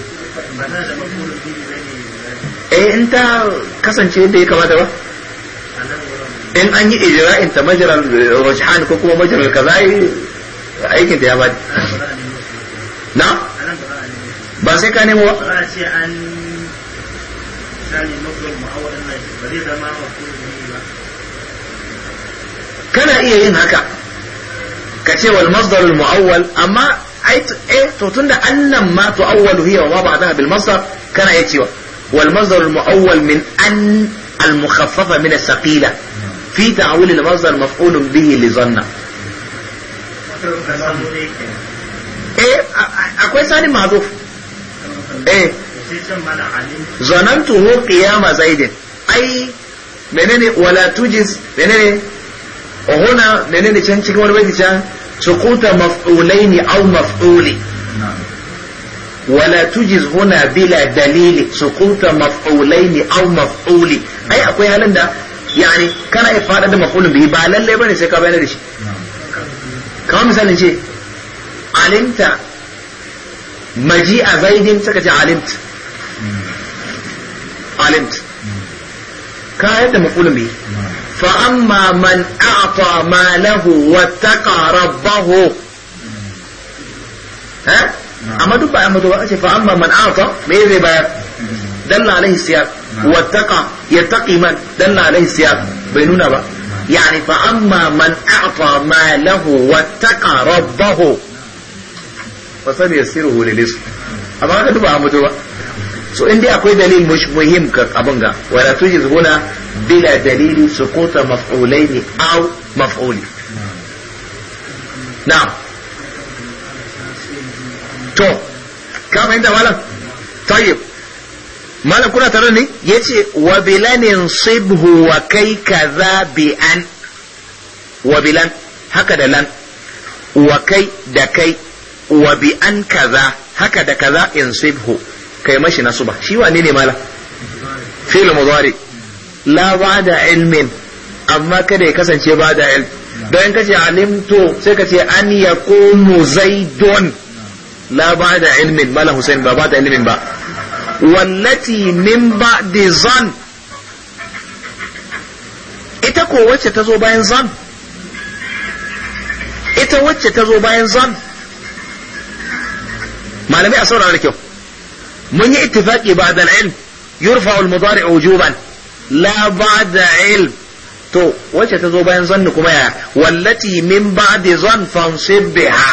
eh أنت كسن شيء yadda ya kamata ba in an yi ijra'in ta majalar rajhan ko aikin ta ya bada na ba sai ka nemo ba ce an kana iya yin haka ka ce wal masdar al mu'awwal amma ai eh, to tunda annan ma tu'awwalu hiya wa ba'daha bil masdar kana iya cewa wal masdar al mu'awwal min an al mukhaffafa min as saqila fi ta'awul al masdar maf'ul bihi li zanna eh akwai sani mazuf eh hu qiyama zaidin ai menene wala tujis, menene huna menene can cikin wani bai can sukuta maf'ulaini aw maf'uli wala tujiz huna bila dalili sukuta maf'ulaini aw maf'uli ai akwai halin da yani kana ifada da maf'ulun bi ba lalle bane sai ka bayar da shi kamar misalin ce alimta maji a zaidin suka ce alimt alimt ka yadda mafulun bi fa amma man a'ta ma lahu wa taqa rabbahu ha amma duk ba amma duk ce fa amma man a'ta me zai bayar dalla alaihi siyaq wa taqa yattaqi man dalla alaihi siyaq bai nuna ba يعني فأما من أعطى ما له واتقى ربه فسنيسره للرزق أما هذا دبا أمتوا سو إن دي أقوي دليل مش مهم كأبنغا ولا توجد هنا بلا دليل سقوط مفعولين أو مفعول نعم تو كم عندنا ولا طيب malam kuna tare ne ya ce wa bilanin sibhu wa kai kaza bi an wa bilan haka da lan wa kai da kai wa bi an kaza haka da kaza in sibhu kai mashi nasuba shi wane ne malam fi'l mudari la ba'da ilmin amma kada ya kasance ba'da ilm dan kace alimtu sai ka ce an yaqumu zaidun la da ilmin mala husain ba ba'da ilmin ba wallati min ba ba'di zan ita ko wacce ta zo bayan zan ita wacce ta zo bayan zan malamai a saurara da kyau mun yi ittifaqi ba da ilm yurfa al mudari wujuban la ba da ilm to wacce ta zo bayan zan kuma ya wallati min ba ba'di zan fansib biha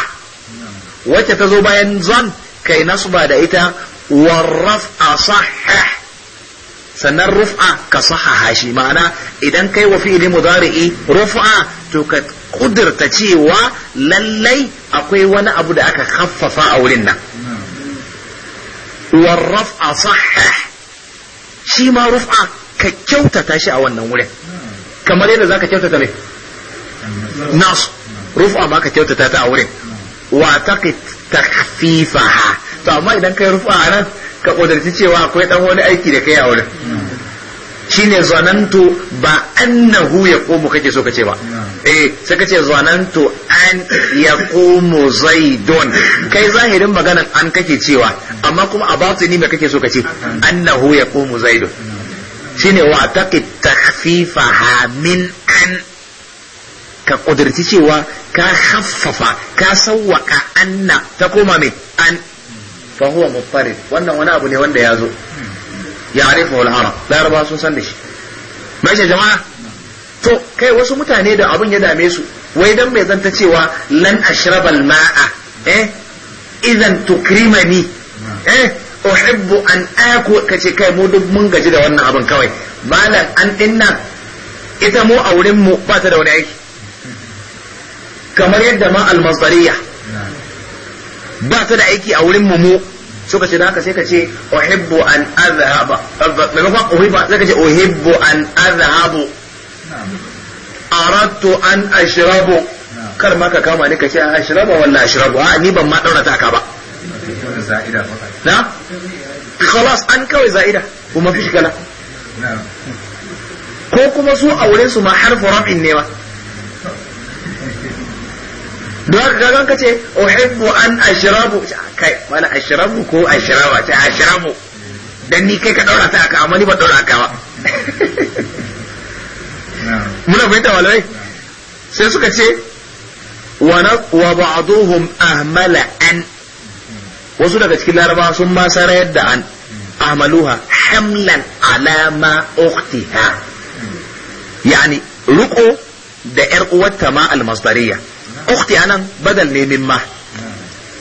wacce ta zo bayan zan kai nasba da ita warraf'a sahih sannan rufa ka sahaha shi ma'ana idan kai wa fi'ili mudari'i rufa to ka kudirta cewa lallai akwai wani abu da aka haffafa a wurin nan warraf'a sahih shi ma rufa ka kyautata shi a wannan wurin kamar yadda zaka kyautata ne nas rufa ma ka kyautata ta a wurin wa taqit takhfifaha to amma idan kai rufa a nan ka kodarci cewa akwai dan wani aiki da kai a wurin shine zanantu ba annahu ya komo kake so kace ba eh sai kace zanantu an ya komo zaidun kai zahirin maganan an kake cewa amma kuma a batini me kake so kace annahu ya komo zaidun shine wa taqi takhfifaha min an ka kudirci cewa ka haffafa ka sawwaka anna ta koma me an fa huwa muttarif wannan wani abu ne wanda ya zo ya arifa wal arab laraba sun san da shi mace jama'a to kai wasu mutane da abun ya dame su wai dan mai zanta cewa lan ashrabal ma'a eh idan tukrimani eh uhibbu an aku kace kai mu duk mun gaji da wannan abin kawai malam an dinna ita mu a wurin mu ba ta da wani aiki kamar yadda ma al-masdariya ba ta da aiki a wurin mu suka ce haka sai ka ce uhibbu an azhaba maimakon uhibba sai ka ce uhibbu an azhabu aradtu an ashrabu kar ma ka kama ni ka ce an ashraba wala ashrabu a ni ban ma daura ta ka ba na khalas an kawai za'ida kuma fi shi shikala ko kuma su auren su ma harfu rafin ne ba don gagan ka ce uhibbu an ashrabu kai wala ashrabu ko ashraba ta ashrabu dan ni kai ka daura ta aka amma ni ba daura aka ba muna ta walai sai suka ce wa ba'duhum ahmala an wasu daga cikin laraba sun ma sarayar da an ahmaluha hamlan alama uktiha hmm. yani ruko da yar uwarta ma almasdariya Ukti anan badal ne mimma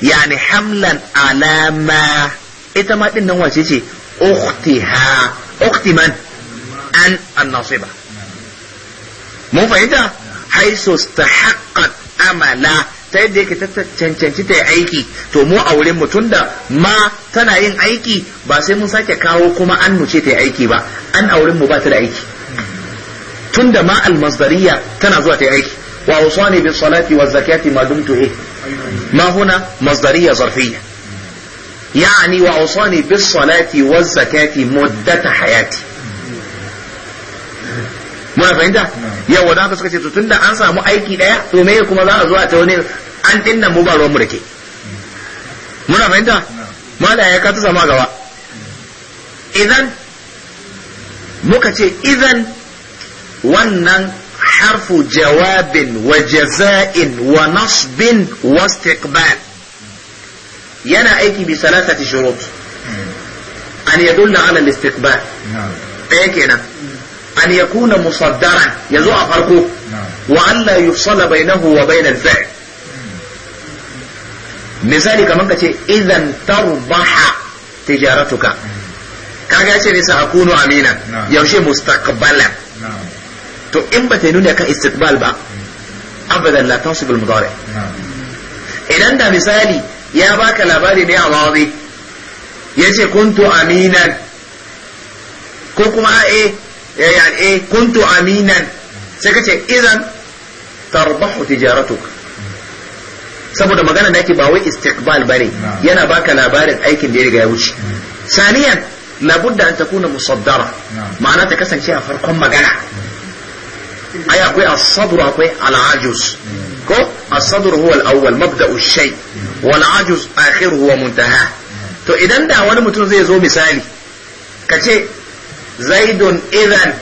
yani hamlan alama ita ma din nan wace ce ukhtiha ukhti man an annasiba mun fahimta haisu haƙa amala ta yadda yake cancanci ta yi aiki to mu a wurin mutum da ma tana yin aiki ba sai mun sake kawo kuma an ce ta yi aiki ba an a wurin mu ba ta da aiki tun da ma almasdariya tana zuwa ta yi aiki وأوصاني بالصلاة والزكاة ما دمت إيه ما هنا مصدرية ظرفية يعني وأوصاني بالصلاة والزكاة مدة حياتي muna fahimta yawa da haka suka ce to tunda an samu aiki ɗaya. to kuma za a zo a ta an dinna mu ba ruwan mu da ke muna fahimta mala ya ka ta sama gaba idan muka ce idan wannan حرف جواب وجزاء ونصب واستقبال ينا ايكي بثلاثة شروط أن يدل على الاستقبال ايكينا أن يكون مصدرا يزوع فرقه وأن لا يفصل بينه وبين الفعل misali kamar ka ce idan tarbaha tijaratuka kaga ce ne sa akunu amina yaushe mustaqbala to in ba ta yi nuni istiqbal ba abadan la tasibul mudari idan da misali ya baka labari ne a mawabi ya ce kuntu aminan ko kuma a e ya eh, kuntu aminan sai ka ce idan tarbahu tijaratuk saboda magana da ke ba wai istiqbal bane yana baka labarin aikin da ya riga ya wuce saniyan labudda an takuna musaddara ma'ana ta kasance a farkon magana ai akwai as akwai al'ajus. ko asadur sabr huwa al mabda'u shay wal ajuz akhiruhu wa muntaha to idan da wani mutum zai zo misali kace zaidun idan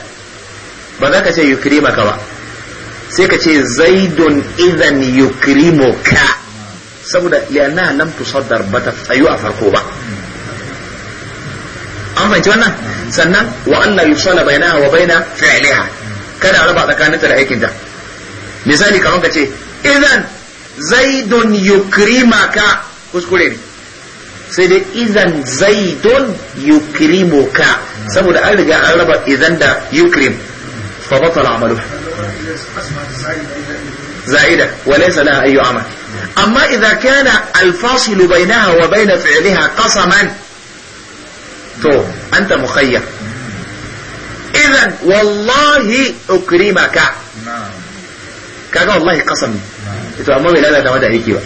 ba za ka ce yukrimaka ba sai ka ce zaidun idan yukrimuka saboda li'anna lam tusaddar ta tsayu a farko ba an fahimci wannan sannan wa Allah yusala bainaha wa baina fi'liha kada raba tsakaninta da aikin ta misali kamar ka ce idan zaidun yukrimaka kuskure ne sai dai idan zaidun yukrimuka saboda an riga an raba idan da yukrim fa batal amalu زائدة وليس لها أي عمل أما إذا كان الفاصل بينها وبين فعلها قصما تو أنت مخير إذا والله أكرمك نعم. كذا والله قسم نعم. إتو أمر لا هذا ماذا هيكي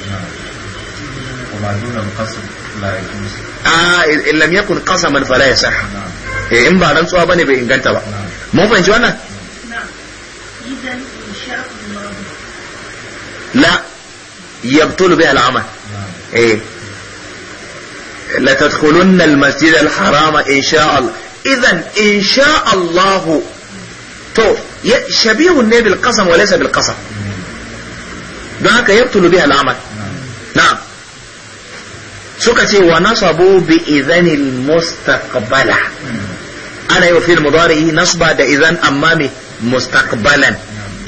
القسم لا يجوز آه إن لم يكن قسما فلا يصح نعم. إيه إن بعد أنسوا بني بإنجان تبع مو بين جوانا لا يبطل بها العمل إيه لا تدخلن المسجد الحرام إن شاء الله idan insha Allah to shabihun ne bilkasa qasam wa laysa bil qasam don haka yabtulu biha al-amal na'am suka ce wa nasabu bi idhanil mustaqbala ana yau fil mudari'i nasba da idan amma me mustaqbalan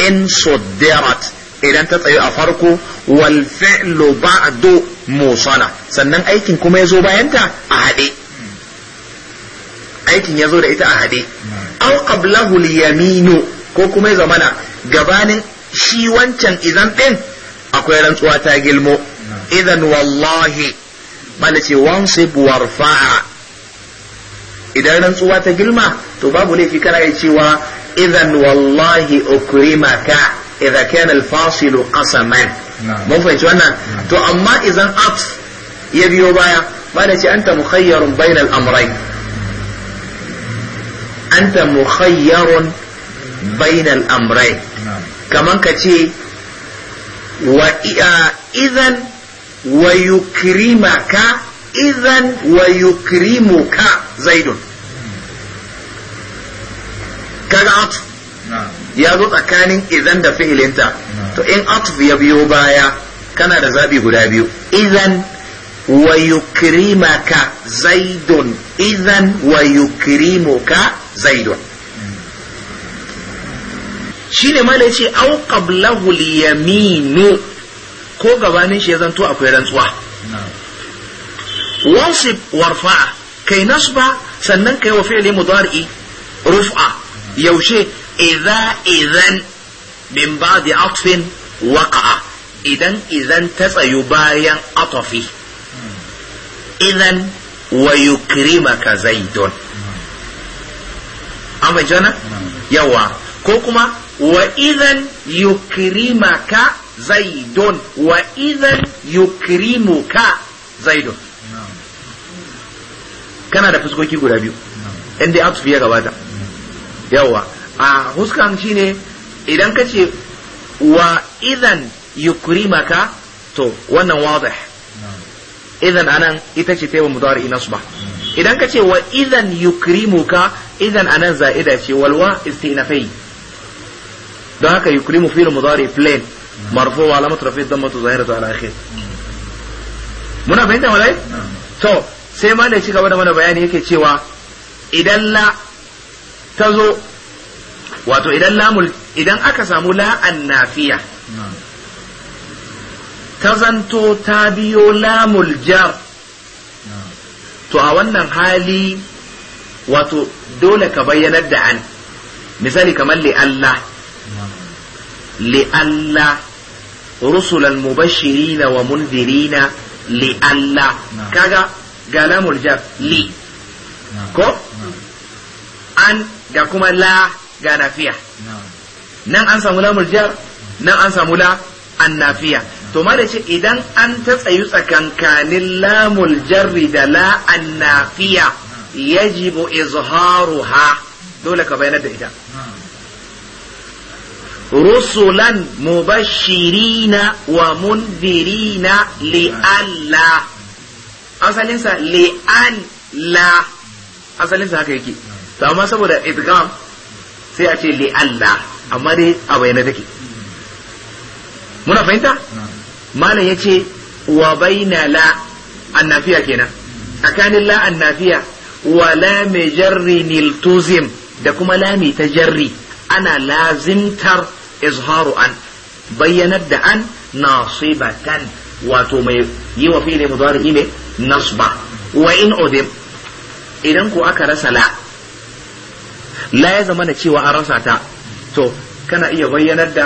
in suddirat idan ta tsayu a farko wal fi'lu ba'du musala sannan aikin kuma ya zo bayanta a haɗe aikin ya zo da ita a hade aw qablahu yaminu ko kuma ya zamana gabanin shi wancan idan din akwai rantsuwa ta gilmo idan wallahi mana ce wansib warfa'a idan rantsuwa ta gilma to babu laifi kana ya cewa idan wallahi ukrimaka idza kana al-fasilu qasaman mun fahimci wannan to amma idan abs ya biyo baya mana ce anta mukhayyarun bainal amrayn anta mukhayyarun bainal amrai kaman ka ce wa idan wa idan wa yukrimuka zaidun kaga ya zo tsakanin idan da fi'ilinta to in atf ya biyo baya kana da zaɓi guda biyu idan wa yukrimaka zaidun idan wa zaidun shi ne mala ce au qablahu yaminu ko gabanin shi ya zanto akwai rantsuwa wansib warfa'a kai nasba sannan kai wa fi'li mudari'i rufa yaushe idza idan min ba'di atfin waqa'a idan idan ta tsayu bayan atafi hmm. idan wa yukrimaka zaidun an bai jana yawa ko kuma wa idan yukrimaka zaidun wa idan yukrimuka zaidun kana da fuskoki guda biyu inda atufi ya gabata yawa a huskan shine idan ka ce wa idan yukrimaka to wannan wadih idan anan ita ce taiwa mudari ba idan ka ce wa idan yukrimuka idan anan za'ida ce walwa istinafai don haka yukrimu fi'l mudari plain marfu wa alamatu rafi dhammatu zahiratu ala akhir muna fahimta malai to sai ma da ci gaba da mana bayani yake cewa idan la ta zo wato idan lamul idan aka samu la an nafiya ta zanto ta biyo lamul jar to a wannan hali wato dole ka bayyanar da an misali kamar li Allah li Allah rusulan mubashirina wa mundirina li Allah kaga ga lamul jar li ko an ga kuma la ga nafiya nan an samu lamul jar nan an samu la an nafiya to mana ce idan an ta tsayu tsakankanin lamul jarri da la annafiya yajibu izharuha dole ka bayyana da ita rusulan mubashirina wa mundirina li'alla asalinsa li'alla asalinsa haka yake to amma saboda idgham sai a ce li'alla amma dai a bayyana take muna fahimta malam ce wa baina la annafiya kenan tsakanin la annafiya wa la me jarri niltuzim da kuma la mai ta jarri ana lazimtar izharu an bayyanar da an nasibatan wato mai yi wa fi'li mudari ne nasba wa in udim idan ko aka rasa la la ya zama da cewa an rasa ta to kana iya bayyanar da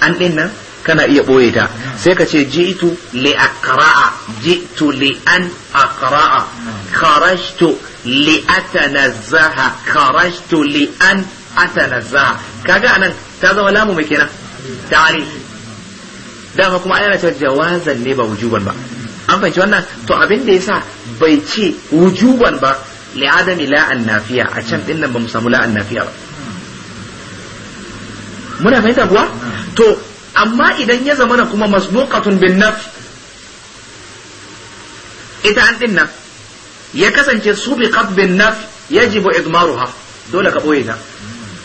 an din nan kana iya ɓoye ta sai ka ce ji'tu li aqra'a ji'tu li an aqra'a kharajtu li atanazzaha kharajtu li an atanazzaha kaga anan ta zama lamu mai kenan ta'arif dama kuma ana cewa jawazan ne ba wujuban ba an fahimci wannan to abin da yasa bai ce wujuban ba li adami la'an nafiya a can din nan ba mu samu la'an nafiya ba muna fahimta kuwa to amma idan ya zama na kuma masbuqatun bin naf ita an din ya kasance su bi subiqat bin naf yajibu idmaruha dole ka boye ta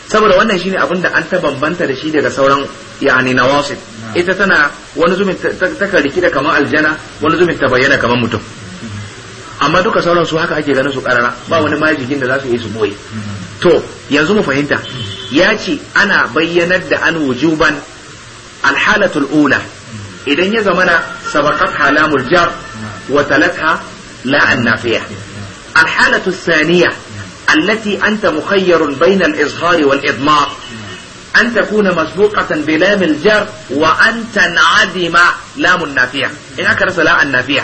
saboda wannan shine abin da an ta bambanta da shi daga sauran yani nawasib ita tana wani zumin ta kariki da kamar aljana wani zumin ta bayyana kamar mutum amma duka sauran su haka ake ganin su karara ba wani majigin da za su yi su boye to yanzu mu fahimta ya ce ana bayyanar da an wujuban الحالة الأولى إذا يزمنا سبقتها لام الجر وتلتها لا النافية الحالة الثانية التي أنت مخير بين الإظهار والإضمار أن تكون مسبوقة بلام الجر وأن تنعدم لام النافية إن أكرس لا النافية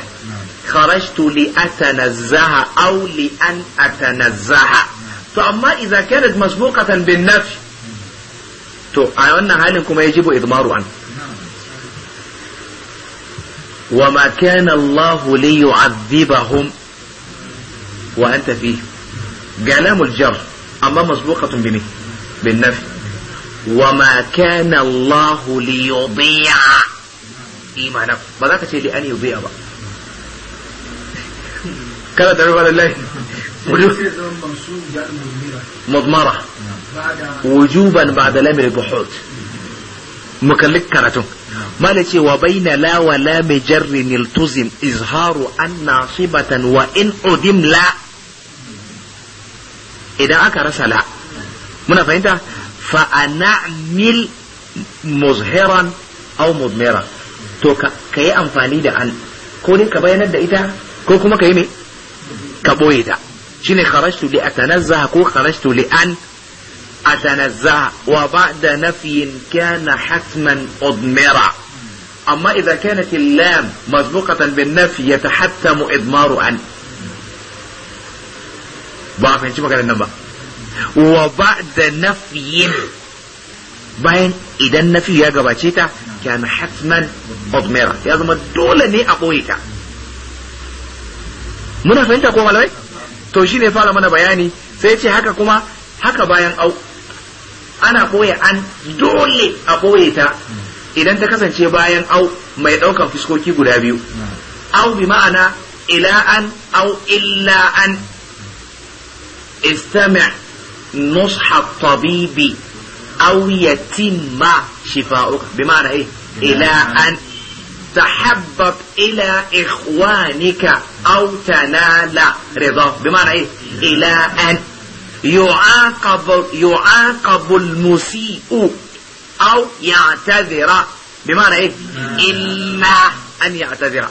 خرجت لأتنزه أو لأن أتنزه فأما إذا كانت مسبوقة بالنفي to a wannan halin kuma ya jibo idmaru an wa ma kana Allah li yu'adhibahum wa anta fi kalam al-jar amma masbuqatun bi bin nafi wa ma kana Allah li yudhi'a imana ba za ka ce li an yudhi'a ba kada da rubar Allah mudmara wujuban ba lamil buhut mukallik karatun mala ce wa baina la wa la mai jarri niltuzim izharu an nasibatan wa in udim la idan aka rasa la muna fahimta fa ana'mil muzhiran aw mudmira to ka yi amfani da an ko ne ka bayanar da ita ko kuma ka yi me ka boye ta shine kharajtu li atanazzaha ko kharajtu li an أتنزه وبعد نفي كان حتما أضمرا أما إذا كانت اللام مسبوقة بالنفي يتحتم إضمار عن ba fahimci maganar nan ba wa ba da nafiyin bayan idan nafi ya gabace ta kana hatman odmera ya zama dole ne a ɓoye ta muna fahimta ko malamai to shi ne fara mana bayani sai ce haka kuma haka bayan au ana koya an dole a boye ta idan ta kasance bayan au mai ɗaukan fuskoki guda biyu au bi ma'ana ila an au illa an istami' nusha tabibi au yatimma shifa'uka bi ma'ana eh ila an تحبب إلى إخوانك أو تنال رضاه بمعنى إيه؟ إلى أن يعاقب, يعاقب المسيء أو يعتذر بمعنى إيه إما أن يعتذر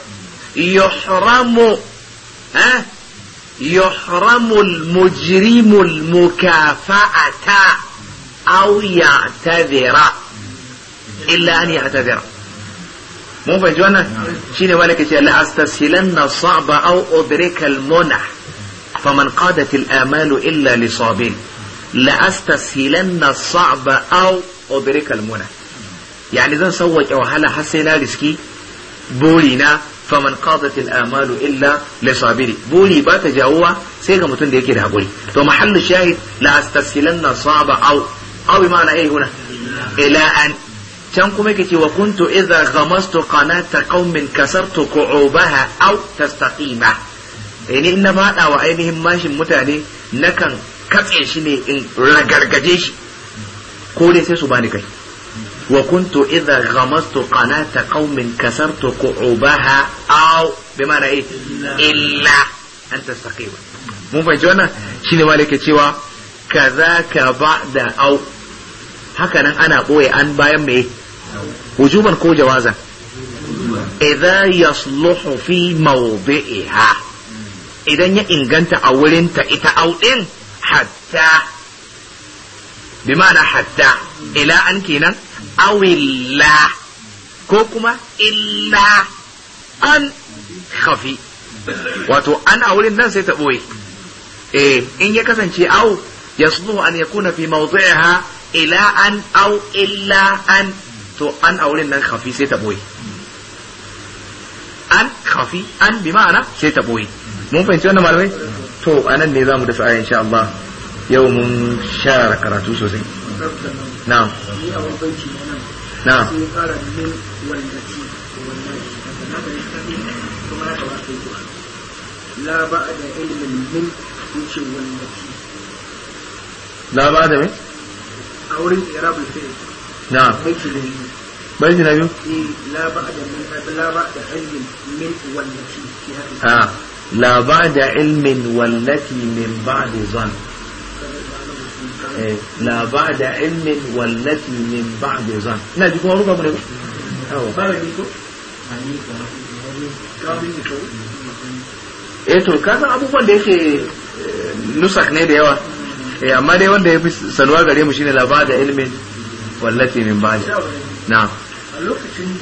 يحرم ها يحرم المجرم المكافأة أو يعتذر إلا أن يعتذر مو فجوانا شنو بالك لا أستسهلن الصعب أو أدرك المنح فمن قادت الآمال إلا لصابر لأستسهلن الصعب أو أدرك المنى يعني زن سوّج أو هلا حسنا لسكي بولينا faman qadatil amalu illa li sabiri buri ba ta jawuwa sai ga mutum da yake da hakuri to mahallu shahid la astasilanna saba aw aw bi ma'ana ai huna ila an can kuma yake cewa kuntu idza ghamastu qanata qaumin kasartu qu'ubaha aw tastaqima Eh, ni in na faɗa wa ainihin mashin mutane nakan katse shi ne in ragargaje shi ko dai sai su bani kai wa kuntu idza ghamastu qanata qaumin kasartu qu'ubaha aw bima ra'i eh, illa an tastaqima mun fahimci wannan shine malaka cewa kaza ka ba'da aw haka ana ɓoye an bayan me wujuban ko jawaza idza yasluhu fi mawdi'iha idan ya inganta a wurinta ita auɗin hatta bi ma'ana hatta ila an kenan awilla ko kuma illa an khafi wato an a wurin nan sai ta ɓoye eh in ya kasance au yasluhu an kuna fi mawdi'iha ila an au illa an to an a wurin nan khafi sai ta ɓoye an khafi an bi ma'ana sai ta ɓoye mun fahimci wannan malamai to a nan ne za mu dasa aya insha Allah yau mun share karatu sosai na. na. la ba da ilimin min a wurin irabu sai na mai bai jina biyu eh, la ba da min la ba da ilimin min wannan ke ha la ba'da ilmin wallati min ba'di zan la ilmin wallati min ba'di zan ina ji kuma ruka mu ne ba yawa ba ne ko eh to kasan abubuwan da yake nusak ne da yawa eh amma dai wanda ya fi sanuwa gare mu shine la ba'da ilmin wallati min ba'di na a lokacin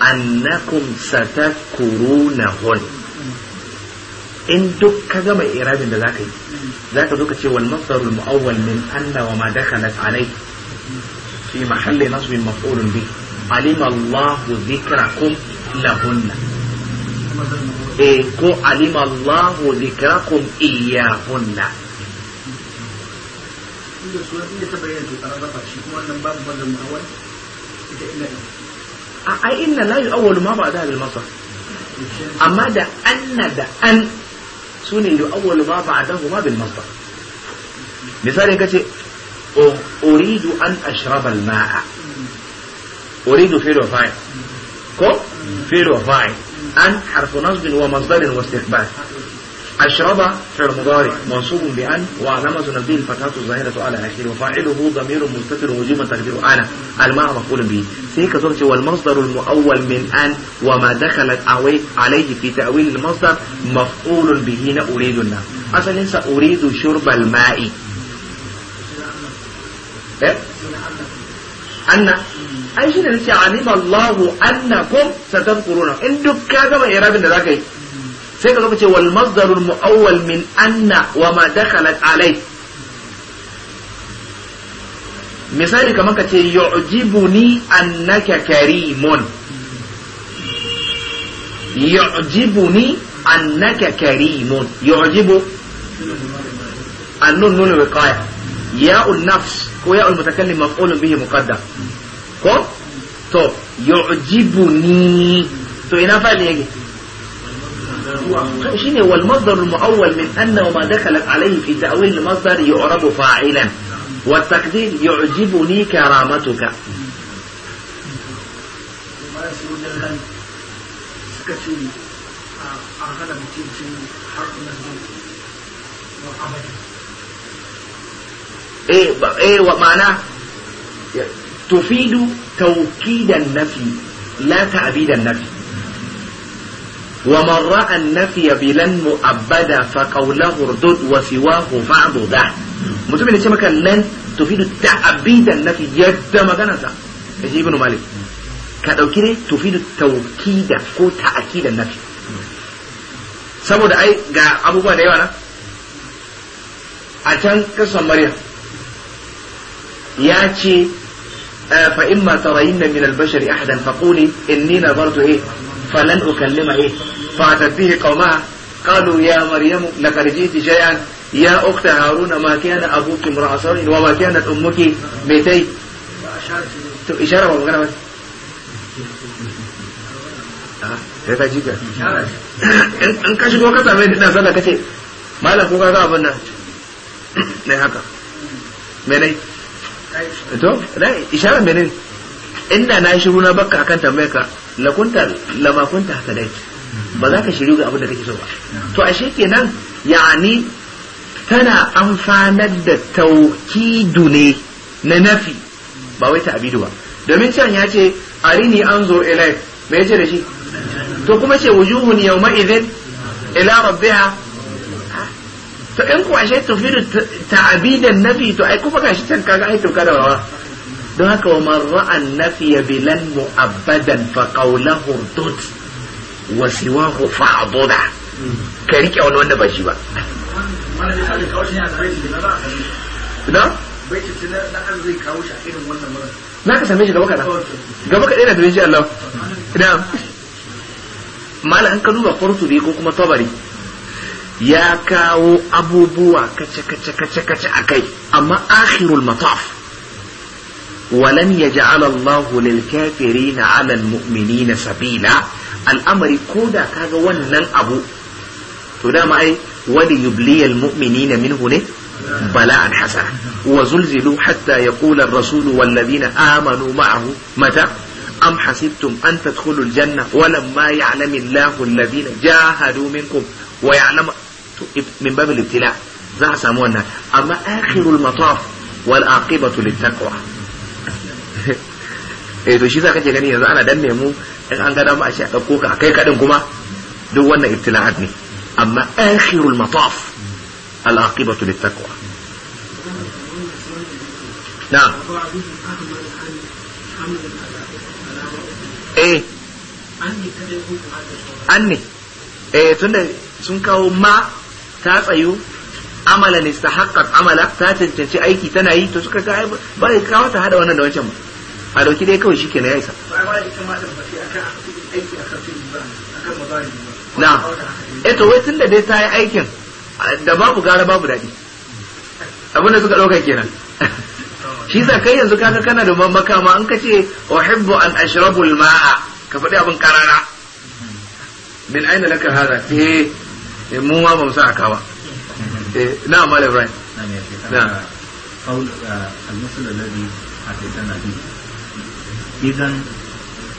annakum satadkurunahun in duk ka gama iradin da zaka yi zaka zo ka ce wal masdar min anna alai fi bi alima ko alima Allah dhikrakum shi babu ita ai inna la yu'awwalu ma ba'da bil masdar amma da anna da an sune yu'awwalu ma ba'dahu ma bil masdar misali kace uridu an ashraba al ma'a uridu fi'l wa ko fi'l wa fa'il an harfu nasb wa masdar wa istiqbal أشرب فعل مضارع منصوب بأن وعلامة نبيه الفتحة الظاهرة على آخره وفاعله ضمير مستتر وجيب تقدير أنا الماء مفعول به في كثرة والمصدر المؤول من أن وما دخلت عليه في تأويل المصدر مفعول به أريد النار أصلا ليس أريد شرب الماء إيه؟ أن أي شيء علم الله أنكم ستذكرونه إن دكاك ما إرادة ذاك sai ka ce wal masdarul mu'awwal min anna wa ma dakhalat alai misali kamar ka ce yu'jibuni annaka karimun yu'jibuni annaka karimun yu'jibu annun nunu wiqaya ya'ul nafs ko ya'ul mutakallim maf'ulun bihi muqaddam ko to yu'jibuni to ina fa'il yake شيء هو المصدر المؤول من أن وما دخلت عليه في تأويل المصدر يعرب فاعلا والتقدير يعجبني كرامتك ايه ايه ومعنى تفيد توكيد النفي لا تعبيد النفي ومن رأى النفي بلا مؤبدا فقوله اردد وسواه فعض ذا mutumin da ce maka lan tufidu ta'abidan nafi yadda maganarsa da shi ibnu malik ka dauki ne tauki da ko ta'akidan nafi saboda ai ga abubuwa da yawa na a can kasan maryam ya ce fa imma tarayinna min al-bashari ahadan faquli inni nazartu eh falan أكلم eh fa به qauma قالوا يا مريم لقد جئت شيئا يا أخت هارون ما كان أبوك امرأ سوء وما كانت أمك بيتي إشارة ولا مغنى sai ta jika in ka shigo ka same ina sallah kace malam ko ka ga abin nan ne haka menai to dai isharar menai inda na shiru na akan tambayar lakunta lamakunta haka dai ba za ka shiryu ga abin da kake so ba to ashe kenan yani tana amfanar da taukidu ne na nafi ba wai ta abidu ba domin can ya ce arini an zo ilai me yace da shi to kuma ce wujuhun yawma idhin ila rabbiha to in ku ashe tufidu ta'abidan nafi to ai kuma gashi can kaga ai tauka da wawa don haka wa man ra'an nafiya bilan mu'abbadan fa qawluhu wa ka rike wani wanda ba shi ba na za ka same shi gaba kaɗan gaba da Allah na mala ka duba kurtubi ko kuma tabari ya kawo abubuwa kace kace kace kace akai amma akhirul mataf ولن يجعل الله للكافرين على المؤمنين سبيلا الأمر كودا كذا ونن أبو تدام أي وليبلي المؤمنين منه نه بلاء حسنا وزلزلوا حتى يقول الرسول والذين آمنوا معه متى أم حسبتم أن تدخلوا الجنة ولما يعلم الله الذين جاهدوا منكم ويعلم من باب الابتلاء ذا سمونا أما آخر المطاف والعاقبة للتقوى eh to shi za kake gani yanzu ana danne mu in an gada mu a shi a ɗauko ka kai kaɗin kuma duk wannan ibtila'at ne amma akhirul mataf al-aqibatu lit-taqwa na'am eh an ne eh tunda sun kawo ma ta amala amalan istahaqqat amala ta cancanci aiki tana yi to suka ga ba ka kawo ta hada wannan da wancan mu. a dauki dai kawai shike na ya isa na eto eh, wai tun da dai ta yi aikin da babu gara babu daɗi abinda suka ɗauka kenan shi sa kai yanzu kaga kana da makama an kace uhibbu an ashrabu al-ma'a ka faɗi abin karara min aina laka hada eh, eh mu ma ba mu sa aka ba eh na mal ibrahim na قول المثل الذي حدثنا به إذا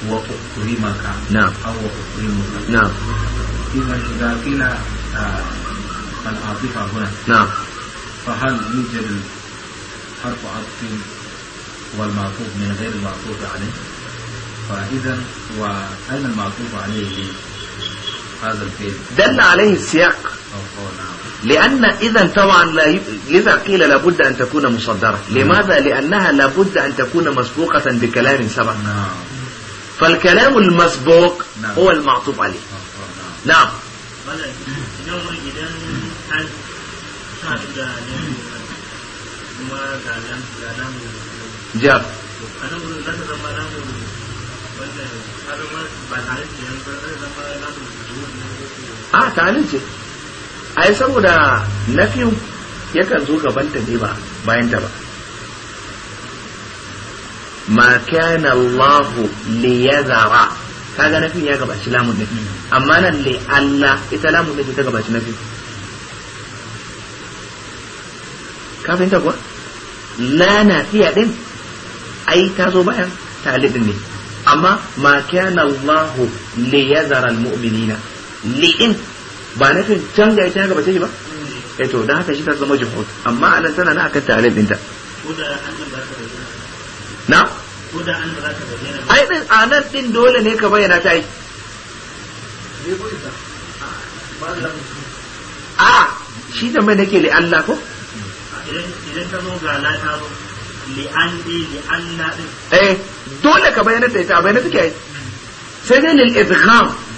وأكرمك نعم أو وأكرمك نعم إذا إذا قيل آه، العاطفة هنا نعم فهل يوجد حرف عطف والمعطوف من غير المعطوف عليه فإذا وأين المعطوف عليه هذا الفيل دل عليه السياق أو نعم لأن إذا طبعا لا لذا قيل لابد أن تكون مصدرة نعم. لماذا؟ لأنها لابد أن تكون مسبوقة بكلام سبق نعم فالكلام المسبوق نعم. هو المعطوب عليه نعم, نعم. جاب آه لك ai saboda na nafiyu yakan zo gaban ta ne ba bayan ta ba ma kana Allah li yazara kaga nafin ya gabaci lamun nafi amma nan li Allah ita lamun nafi ta gabaci fiyu. ka fahimta kuwa la nafiya din ai ta zo bayan talib ne amma ma kana Allah li yazara al mu'minina li in ba na fi canza ita ga ba ta yi ba eh to dan haka shi ta zama jumhur amma nan tana na akan ta'alil ɗinta na ai din anan din dole ne ka bayyana ta ai a shi da mai nake li Allah ko idan ta zo ga Li'an ta zo eh dole ka bayyana ta ita bayyana take sai dai lil idgham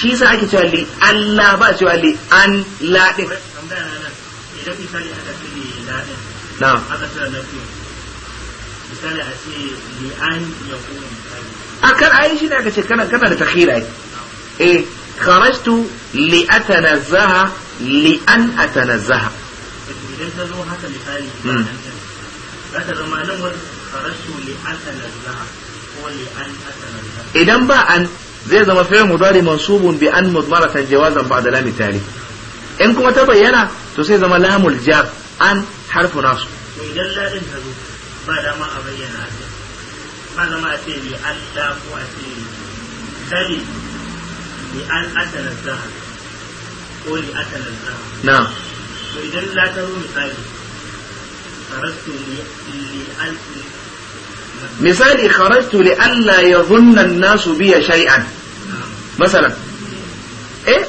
shi yasa ake cewa li Allah ba cewa li an la din idan misali aka ce li la aka ce na fi misali a ce li an ya kuma akan ayi shi ne aka ce kana kana da takhira ai eh kharajtu li atanazzaha li an atanazzaha idan ta zo haka misali hmm. za ta zama nan wani kharajtu li atanazzaha ko li an atanazzaha idan ba an zai zama fi'il mudari mansubun bi an mudmaratan jawazan ba'da lam tali in kuma ta bayyana to sai zama lamul jar an harfu nasu idan ladin ta zo ba dama a bayyana ba zama a ce li an da ko a ce sali li an atana zaha ko li atana zaha na'am to idan la ta zo misali farastu li an misali kharajtu li alla yadhunna an-nasu bi shay'an masalan eh,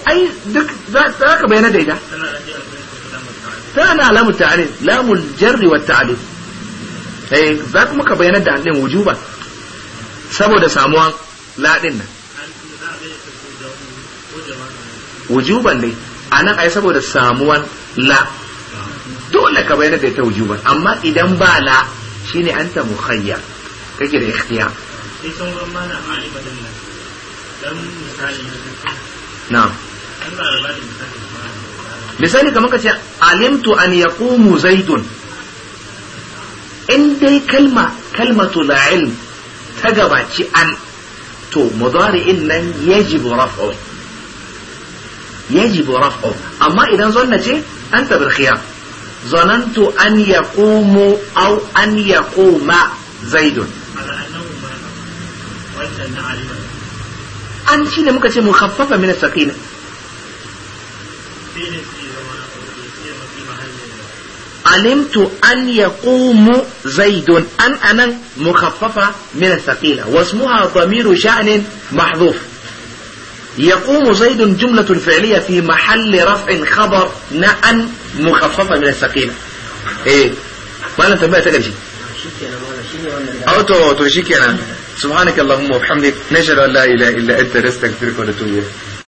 duk za ka bayyana daida tana lamu ta'alil lamul jarri wa eh, za kuma ka bayyana da alin wujuba saboda samuwan ladin nan wujuban ne a nan ai saboda samuwan la dole ka bayyana da ita wujuban amma idan ba la shine anta mukhayyar kake da ikhtiyar sai sauran mana ma'arifatan nan dan misali na'am an ba da misali misali kamar kace alimtu an yaqumu zaidun in dai kalma kalmatu la ilm ta gabaci an to mudari'in nan yajibu raf'u yajibu raf'u amma idan zanna ce anta bil khiyar zanantu an yaqumu aw an yaquma zaidun an shi ne muka ce mu khaffafa min sakina alimtu an yaqumu zaidun an anan mukhaffafa min sakila wasmuha ضمير شأن mahdhuf يقوم زيد جملة فعلية في محل رفع خبر ناء مخففة من السكينة ايه ما أنا تبعت شيء. انت أنا ما أو تو تو شيء كنا سبحانك اللهم وبحمدك نشهد أن لا إله إلا أنت نستغفرك ونتوب إليك